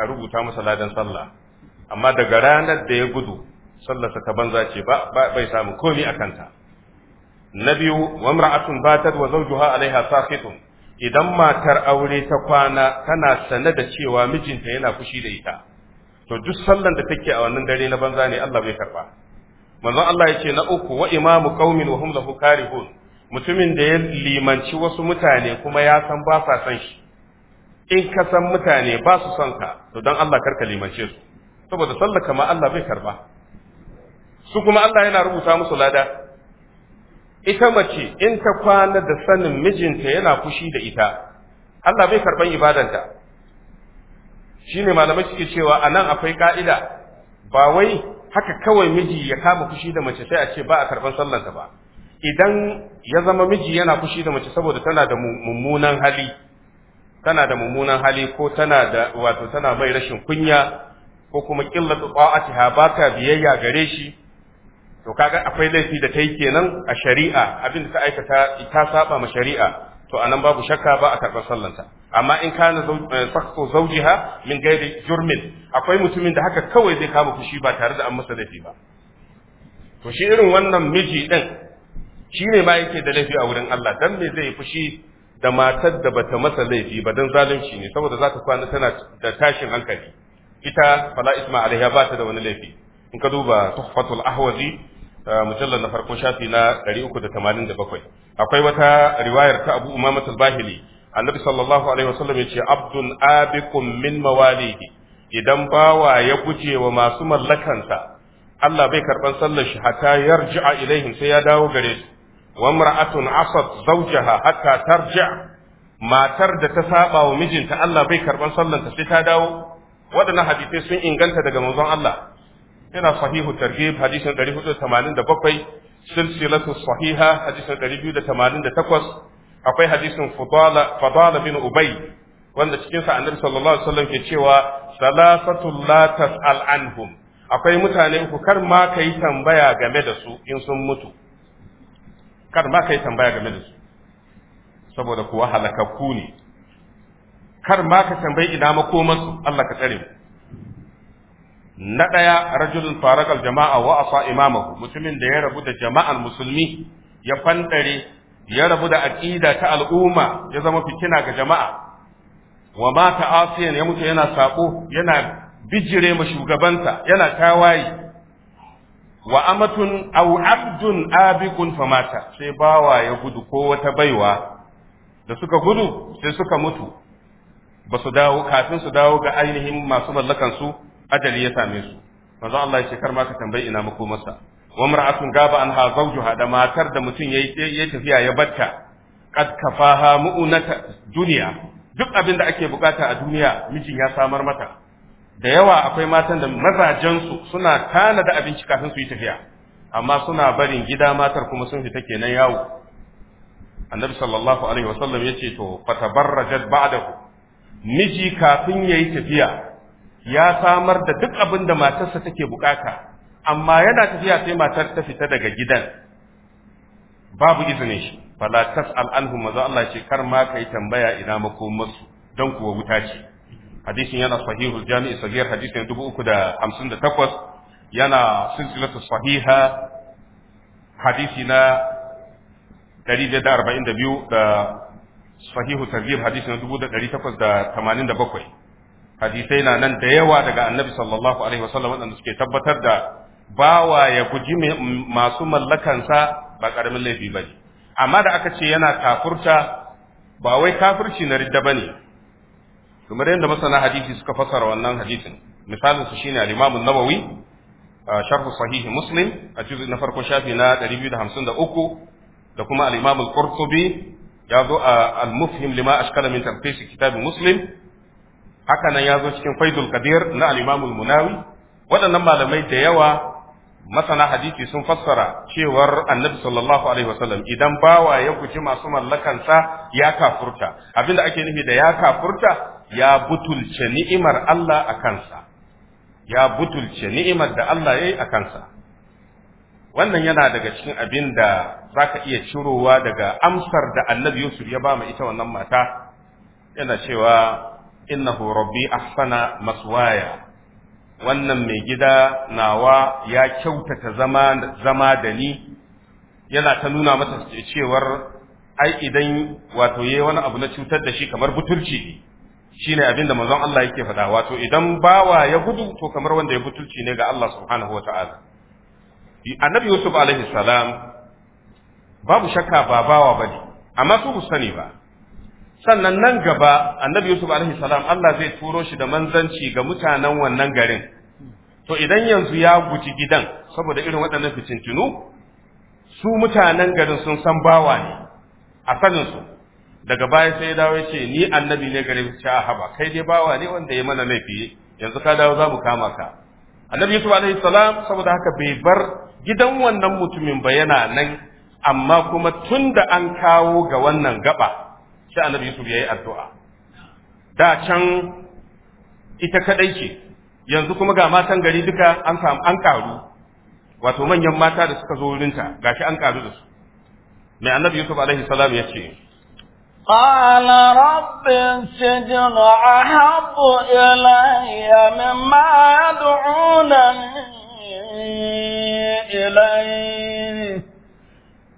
a rubuta masa ladan sallah amma daga ranar da ya gudu sallarsa ta banza ce ba bai samu komi a kanta na biyu wa mar'atun batat wa zawjuha alaiha saqitun idan matar aure ta kwana tana sane da cewa mijinta yana fushi da ita to duk sallar da take a wannan dare na banza ne Allah bai karba manzon Allah yace na uku wa imamu qaumin wa hum lahu karihun mutumin da ya limanci wasu mutane kuma ya san ba sa san shi in ka san mutane ba su son ka to don Allah karka limance su saboda sallah kamar Allah bai karba su kuma Allah yana rubuta musu lada ita mace in ta kwana da sanin mijinta yana fushi da ita Allah bai karban ibadanta shine malamai suke cewa anan akwai ka'ida ba wai haka kawai miji ya kama fushi da mace sai a ce ba a karban sallanta ba idan ya zama miji yana fushi da mace saboda tana da mummunan hali tana da mummunan hali ko tana da wato tana mai rashin kunya ko kuma qillatu ta'atiha ba ta biyayya gare shi to kaga akwai laifi da tai kenan a shari'a abin da ta aikata ta saba ma shari'a to anan babu shakka ba a karɓar sallanta amma in kana eh, sakso zaujiha min gairi jurmin akwai mutumin da haka kawai zai kama fushi ba tare da an masa laifi ba to shi irin wannan miji din shi ne ma yake da laifi a wurin Allah dan me zai fushi da matar da bata masa laifi ba dan zalunci ne saboda za ta kwana tana da tashin hankali ita fala isma alaiha ba ta da wani laifi in ka duba tuhfatul ahwazi uh, mujallar na farko shafi na 387 akwai wata riwayar ta Abu Umama al-Bahili annabi sallallahu alaihi wasallam yace abdun abikum min mawalihi idan bawa ya guje wa masu mallakansa Allah bai karban sallar shi hatta yarji'a ilaihim sai ya dawo gare su wamra'atun mar'atun asat zawjaha hatta tarja matar da ta saba wa mijinta Allah bai karban sallanta sai ta dawo waɗannan hadisai sun inganta daga manzon Allah yana sahihu targhib hadisin 487 silsilatu sahiha hadisin 288 akwai hadisin fadala fadala bin ubay wanda cikin sa annabi sallallahu alaihi wasallam ke cewa salasatul la tasal anhum akwai mutane uku kar ma kai tambaya game da su in sun mutu kar ma kai tambaya game da su saboda kuwa halakakku ne kar ma ka tambayi ina makomansu Allah ka tsare na ɗaya rajulun faraqal jama'a wa asa imamahu mutumin da ya rabu da jama'ar musulmi ya fandare ya rabu da aqida ta al'umma ya zama fitina ga jama'a wa ma asiyan ya mutu yana sako yana bijire ma shugabanta, yana tawaye wa amatun aw abdun abikun famata sai bawa ya gudu ko wata baiwa da suka gudu sai suka mutu ba su dawo kafin su dawo ga ainihin masu mallakan su ajali ya same su manzo Allah ya ce kar ma ka tambayi ina muku masa wa mar'atun gaba an ha zawju da matar da mutum yayi ya tafiya ya batta kad kafaha mu'unata duniya duk abin da ake bukata a duniya mijin ya samar mata da yawa akwai matan da su suna tana da abinci kafin su yi tafiya amma suna barin gida matar kuma sun fita kenan yawo annabi sallallahu alaihi wasallam yace to fatabarrajat ba'dahu miji kafin yayi tafiya ya samar da duk abin da matarsa take bukata amma yana tafiya sai matar ta fita daga gidan babu izinin shi fala tas'al anhum maza Allah ce kar ma kai tambaya ina makomarsu don kuwa wuta ce hadisin yana sahihu jami'i sahihar hadisin takwas yana silsilatu sahiha hadisi na 142 da arba'in da da biyu sahihu tarjir hadisi na bakwai. hadisai na nan da yawa daga annabi sallallahu alaihi wasallam wadanda suke tabbatar da bawa ya guji masu mallakansa ba karamin laifi ba ne amma da aka ce yana kafurta ba wai kafirci na ridda ne. kamar yadda masana hadisi suka fasara wannan hadisin misalin su shine al-Imam nawawi sharh sahih Muslim a juz'i na farko shafi na 253 da kuma al-Imam al-Qurtubi ya zo a al-Mufhim lima ashkala min tarfis kitab Muslim haka nan ya zo cikin Faidul Qadir na al-Imam al-Munawi waɗannan malamai da yawa masana hadisi sun fassara cewar annabi sallallahu alaihi wasallam idan bawa ya guji masu mallakansa ya kafurta abinda ake nufi da ya kafurta ya butulce ni'imar Allah a kansa ya butulce ni'imar da Allah ya yi a kansa wannan yana daga cikin abin da za ka iya cirowa daga amsar da annabi Yusuf ya ba mu ita wannan mata yana cewa innahu rabbi ahsana maswaya wannan mai gida nawa ya kyautata zama zama da ni yana ta nuna mata cewar ai idan wato yayi wani abu na cutar da shi kamar butulci shine abin da manzon Allah yake faɗa wato idan bawa ya gudu to kamar wanda ya butulci ne ga Allah subhanahu ta'ala annabi yusuf alaihi salam babu shakka ba bawa bane amma su ku sani ba sannan nan gaba annabi yusuf alaihi salam Allah zai turo shi da manzanci ga mutanen wannan garin to idan yanzu ya guji gidan saboda irin waɗannan fititunu su mutanen garin sun san bawa ne a sanin su daga baya sai ya dawo ya ce ni annabi ne gare mu cewa haba kai dai bawa ne wanda ya mana laifi yanzu ka dawo za mu kama ka annabi yusuf alaihi salam saboda haka bai bar gidan wannan mutumin ba yana nan amma kuma tun da an kawo ga wannan gaba sai annabi yusuf ya yi addu'a da can ita kadai ce yanzu kuma ga matan gari duka an samu an karu wato manyan mata da suka zo wurinta gashi an karu da su mai annabi yusuf alaihi salam ya ce قال رب السجن أحب إلي مما يدعونني إليه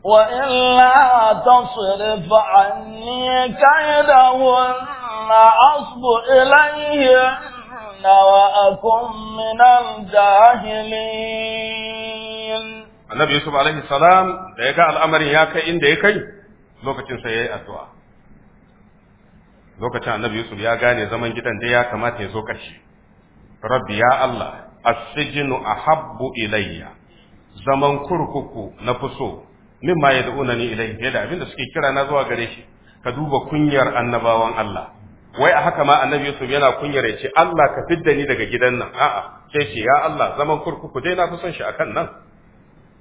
وإلا تصرف عني كيدهن أصب إليهن وأكن من الجاهلين النبي يوسف عليه السلام da ya ياك إن ya kai inda سيئة kai lokacin annabi yusuf ya gane zaman gidan da ya kamata ya zo ƙarshe rabbi ya allah as ahabbu ilayya zaman kurkuku na fi so mimma yad'unani ilayhi fiye da abin da suke kira na zuwa gare shi ka duba kunyar annabawan allah wai a haka ma annabi yusuf yana kunyar ya ce allah ka fidda ni daga gidan nan a'a sai ce ya allah zaman kurkuku dai na fi son shi akan nan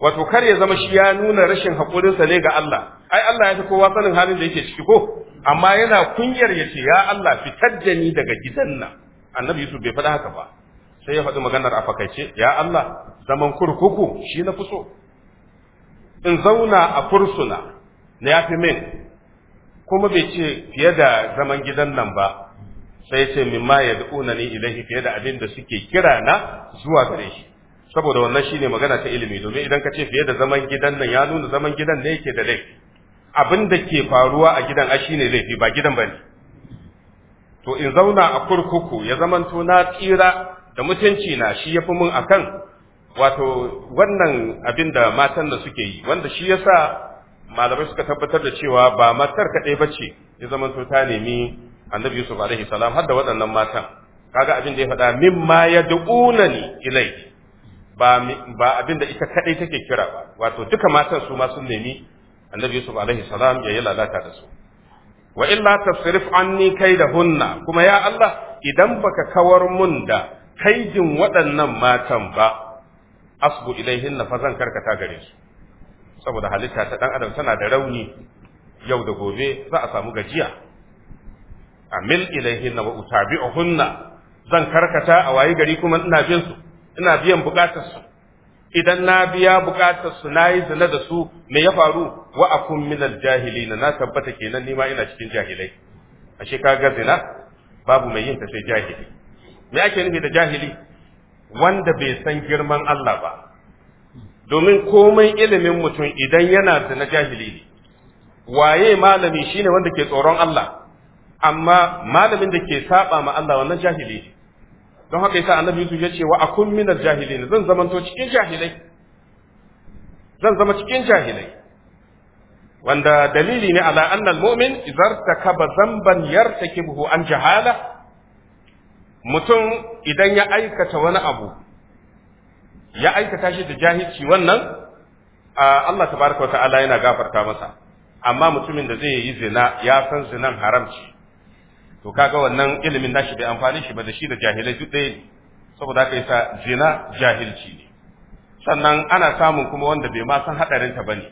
wato kar ya zama shi ya nuna rashin haƙurinsa ne ga Allah ai Allah ya fi kowa sanin halin da yake ciki ko amma yana kunyar ya ce ya Allah fitar da ni daga gidan nan annabi Yusuf bai faɗa haka ba sai ya faɗi maganar a fakaice ya Allah zaman kurkuku shi na fi so in zauna a fursuna na ya fi min kuma bai ce fiye da zaman gidan nan ba sai ce min ma ya da'una ni ilahi fiye da abin da suke kira na zuwa gare shi saboda wannan shine magana ta ilimi domin idan ka ce fiye da zaman gidan nan ya nuna zaman gidan ne yake da laifi abin da ke faruwa a gidan ashi ne laifi ba gidan ba ne to in zauna a kurkuku ya zamanto na tsira da mutunci na shi fi mun akan wato wannan abin da matan da suke yi wanda shi ya sa malamai suka tabbatar da cewa ba matar kaɗai ba ce ya zamanto ta nemi annabi yusuf alaihi salam har da waɗannan matan kaga abin da ya faɗa min ma ya ni ilai ba ba abin da ita kaɗai take kira ba wato duka matan su ma sun nemi annabi yusuf alaihi salam ya yi lalata da su wa illa tasrif anni hunna kuma ya Allah idan baka kawar mun da kaijin waɗannan matan ba asbu ilaihinna fa zan karkata gare su saboda halitta ta dan adam tana da rauni yau da gobe za a samu gajiya amil ilaihinna wa utabi'uhunna zan karkata a wayi gari kuma ina bin su ina biyan bukatar su idan na biya bukatar su na yi zina da su me ya faru wa akun minal jahilina na tabbata kenan nima ina cikin jahilai ashe kaga zina babu mai yin ta sai jahili me ake nufi da jahili wanda bai san girman Allah ba domin komai ilimin mutum idan yana zina jahili ne waye malami shine wanda ke tsoron Allah amma malamin da ke saba ma Allah wannan jahili ne don haka yasa annabi Yusuf ya ce wa akun al jahilin zan zamanto cikin jahilai zan zama cikin jahilai wanda dalili ne ala annal mu'min takaba zamban yartakibuhu an jahala mutum idan ya aikata wani abu ya aikata shi da jahilci wannan Allah tabaraka wa ta'ala yana gafarta masa amma mutumin da zai yi zina ya san zinan haramci to kaga wannan ilimin nashi bai amfani shi ba da shi da jahilai duk ɗaya ne saboda yi sa zina jahilci ne sannan ana samun kuma wanda bai ma san hadarin ta bane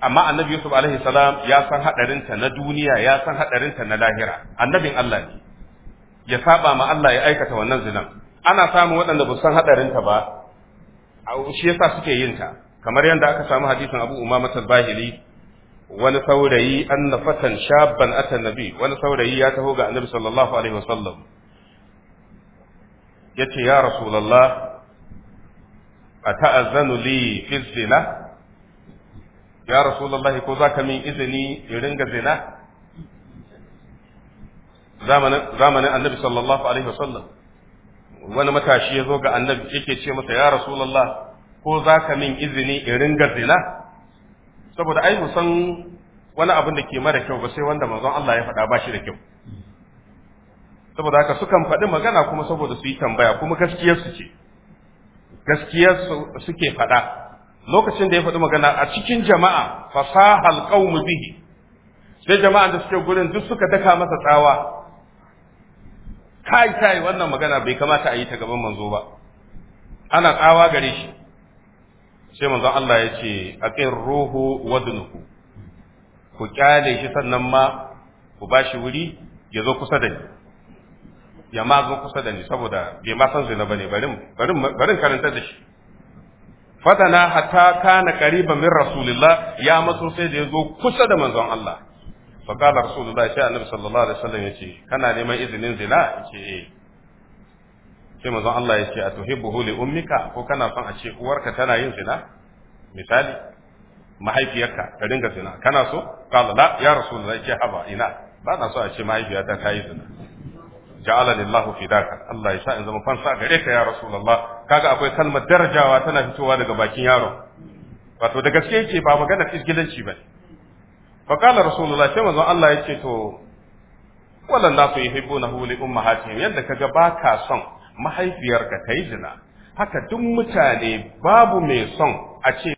amma annabi yusuf alaihi salam ya san hadarin ta na duniya ya san hadarin ta na lahira annabin Allah ne ya saba ma Allah ya aikata wannan zinan ana samun waɗanda ba san hadarin ta ba shi yasa suke yin ta kamar yadda aka samu hadisin Abu Umama al-Bahili wani saurayi anna fatan shabban nabi wani saurayi ya taho ga annabi sallallahu alaihi wasallam yace ya rasulullah ata'azzanu li fi zina ya rasulallah ko za ka min izini in ringa zina zamanin annabi sallallahu alaihi wasallam wani matashi ya zo ga annabi yake ce masa ya rasulallah ko za ka min izini in ringa zina saboda ai mu san wani abin da ke mara kyau ba sai wanda manzon Allah ya faɗa ba shi da kyau saboda haka sukan faɗi magana kuma saboda su yi tambaya kuma gaskiyar su ce gaskiyar suke faɗa lokacin da ya faɗi magana a cikin jama'a fasahal qaumu bihi sai jama'a da suke gurin duk suka daka masa tsawa kai kai wannan magana bai kamata a yi ta gaban manzo ba ana tsawa gare shi sai manzon Allah ya ce aqir ruhu wadnuhu ku kyale shi sannan ma ku bashi wuri ya zo kusa da ni ya ma zo kusa da ni saboda bai ma san zina bane barin barin barin karanta da shi fatana hatta kana qariban min rasulillah ya maso sai da ya zo kusa da manzon Allah fa qala rasulullah sai annabi sallallahu alaihi wasallam yace kana neman izinin zina yace eh sai manzon Allah ya ce a tuhibbuhu li ummika ko kana son a ce uwarka tana yin zina misali mahaifiyarka ta zina kana so qala la ya rasulullahi ce haba ina ba na so a ce mahaifiyata ta yi zina ja'ala fidaka Allah ya sa in zama fansa gare ka ya rasulullah kaga akwai kalmar darajawa tana fitowa daga bakin yaro wato da gaske yake ba magana fisgilanci ba fa qala rasulullah sai manzon Allah ya ce to wallan nasu yuhibbunahu li ummahatihim yadda kaga ba ka son mahaifiyarka ta yi zina haka duk mutane babu mai son a ce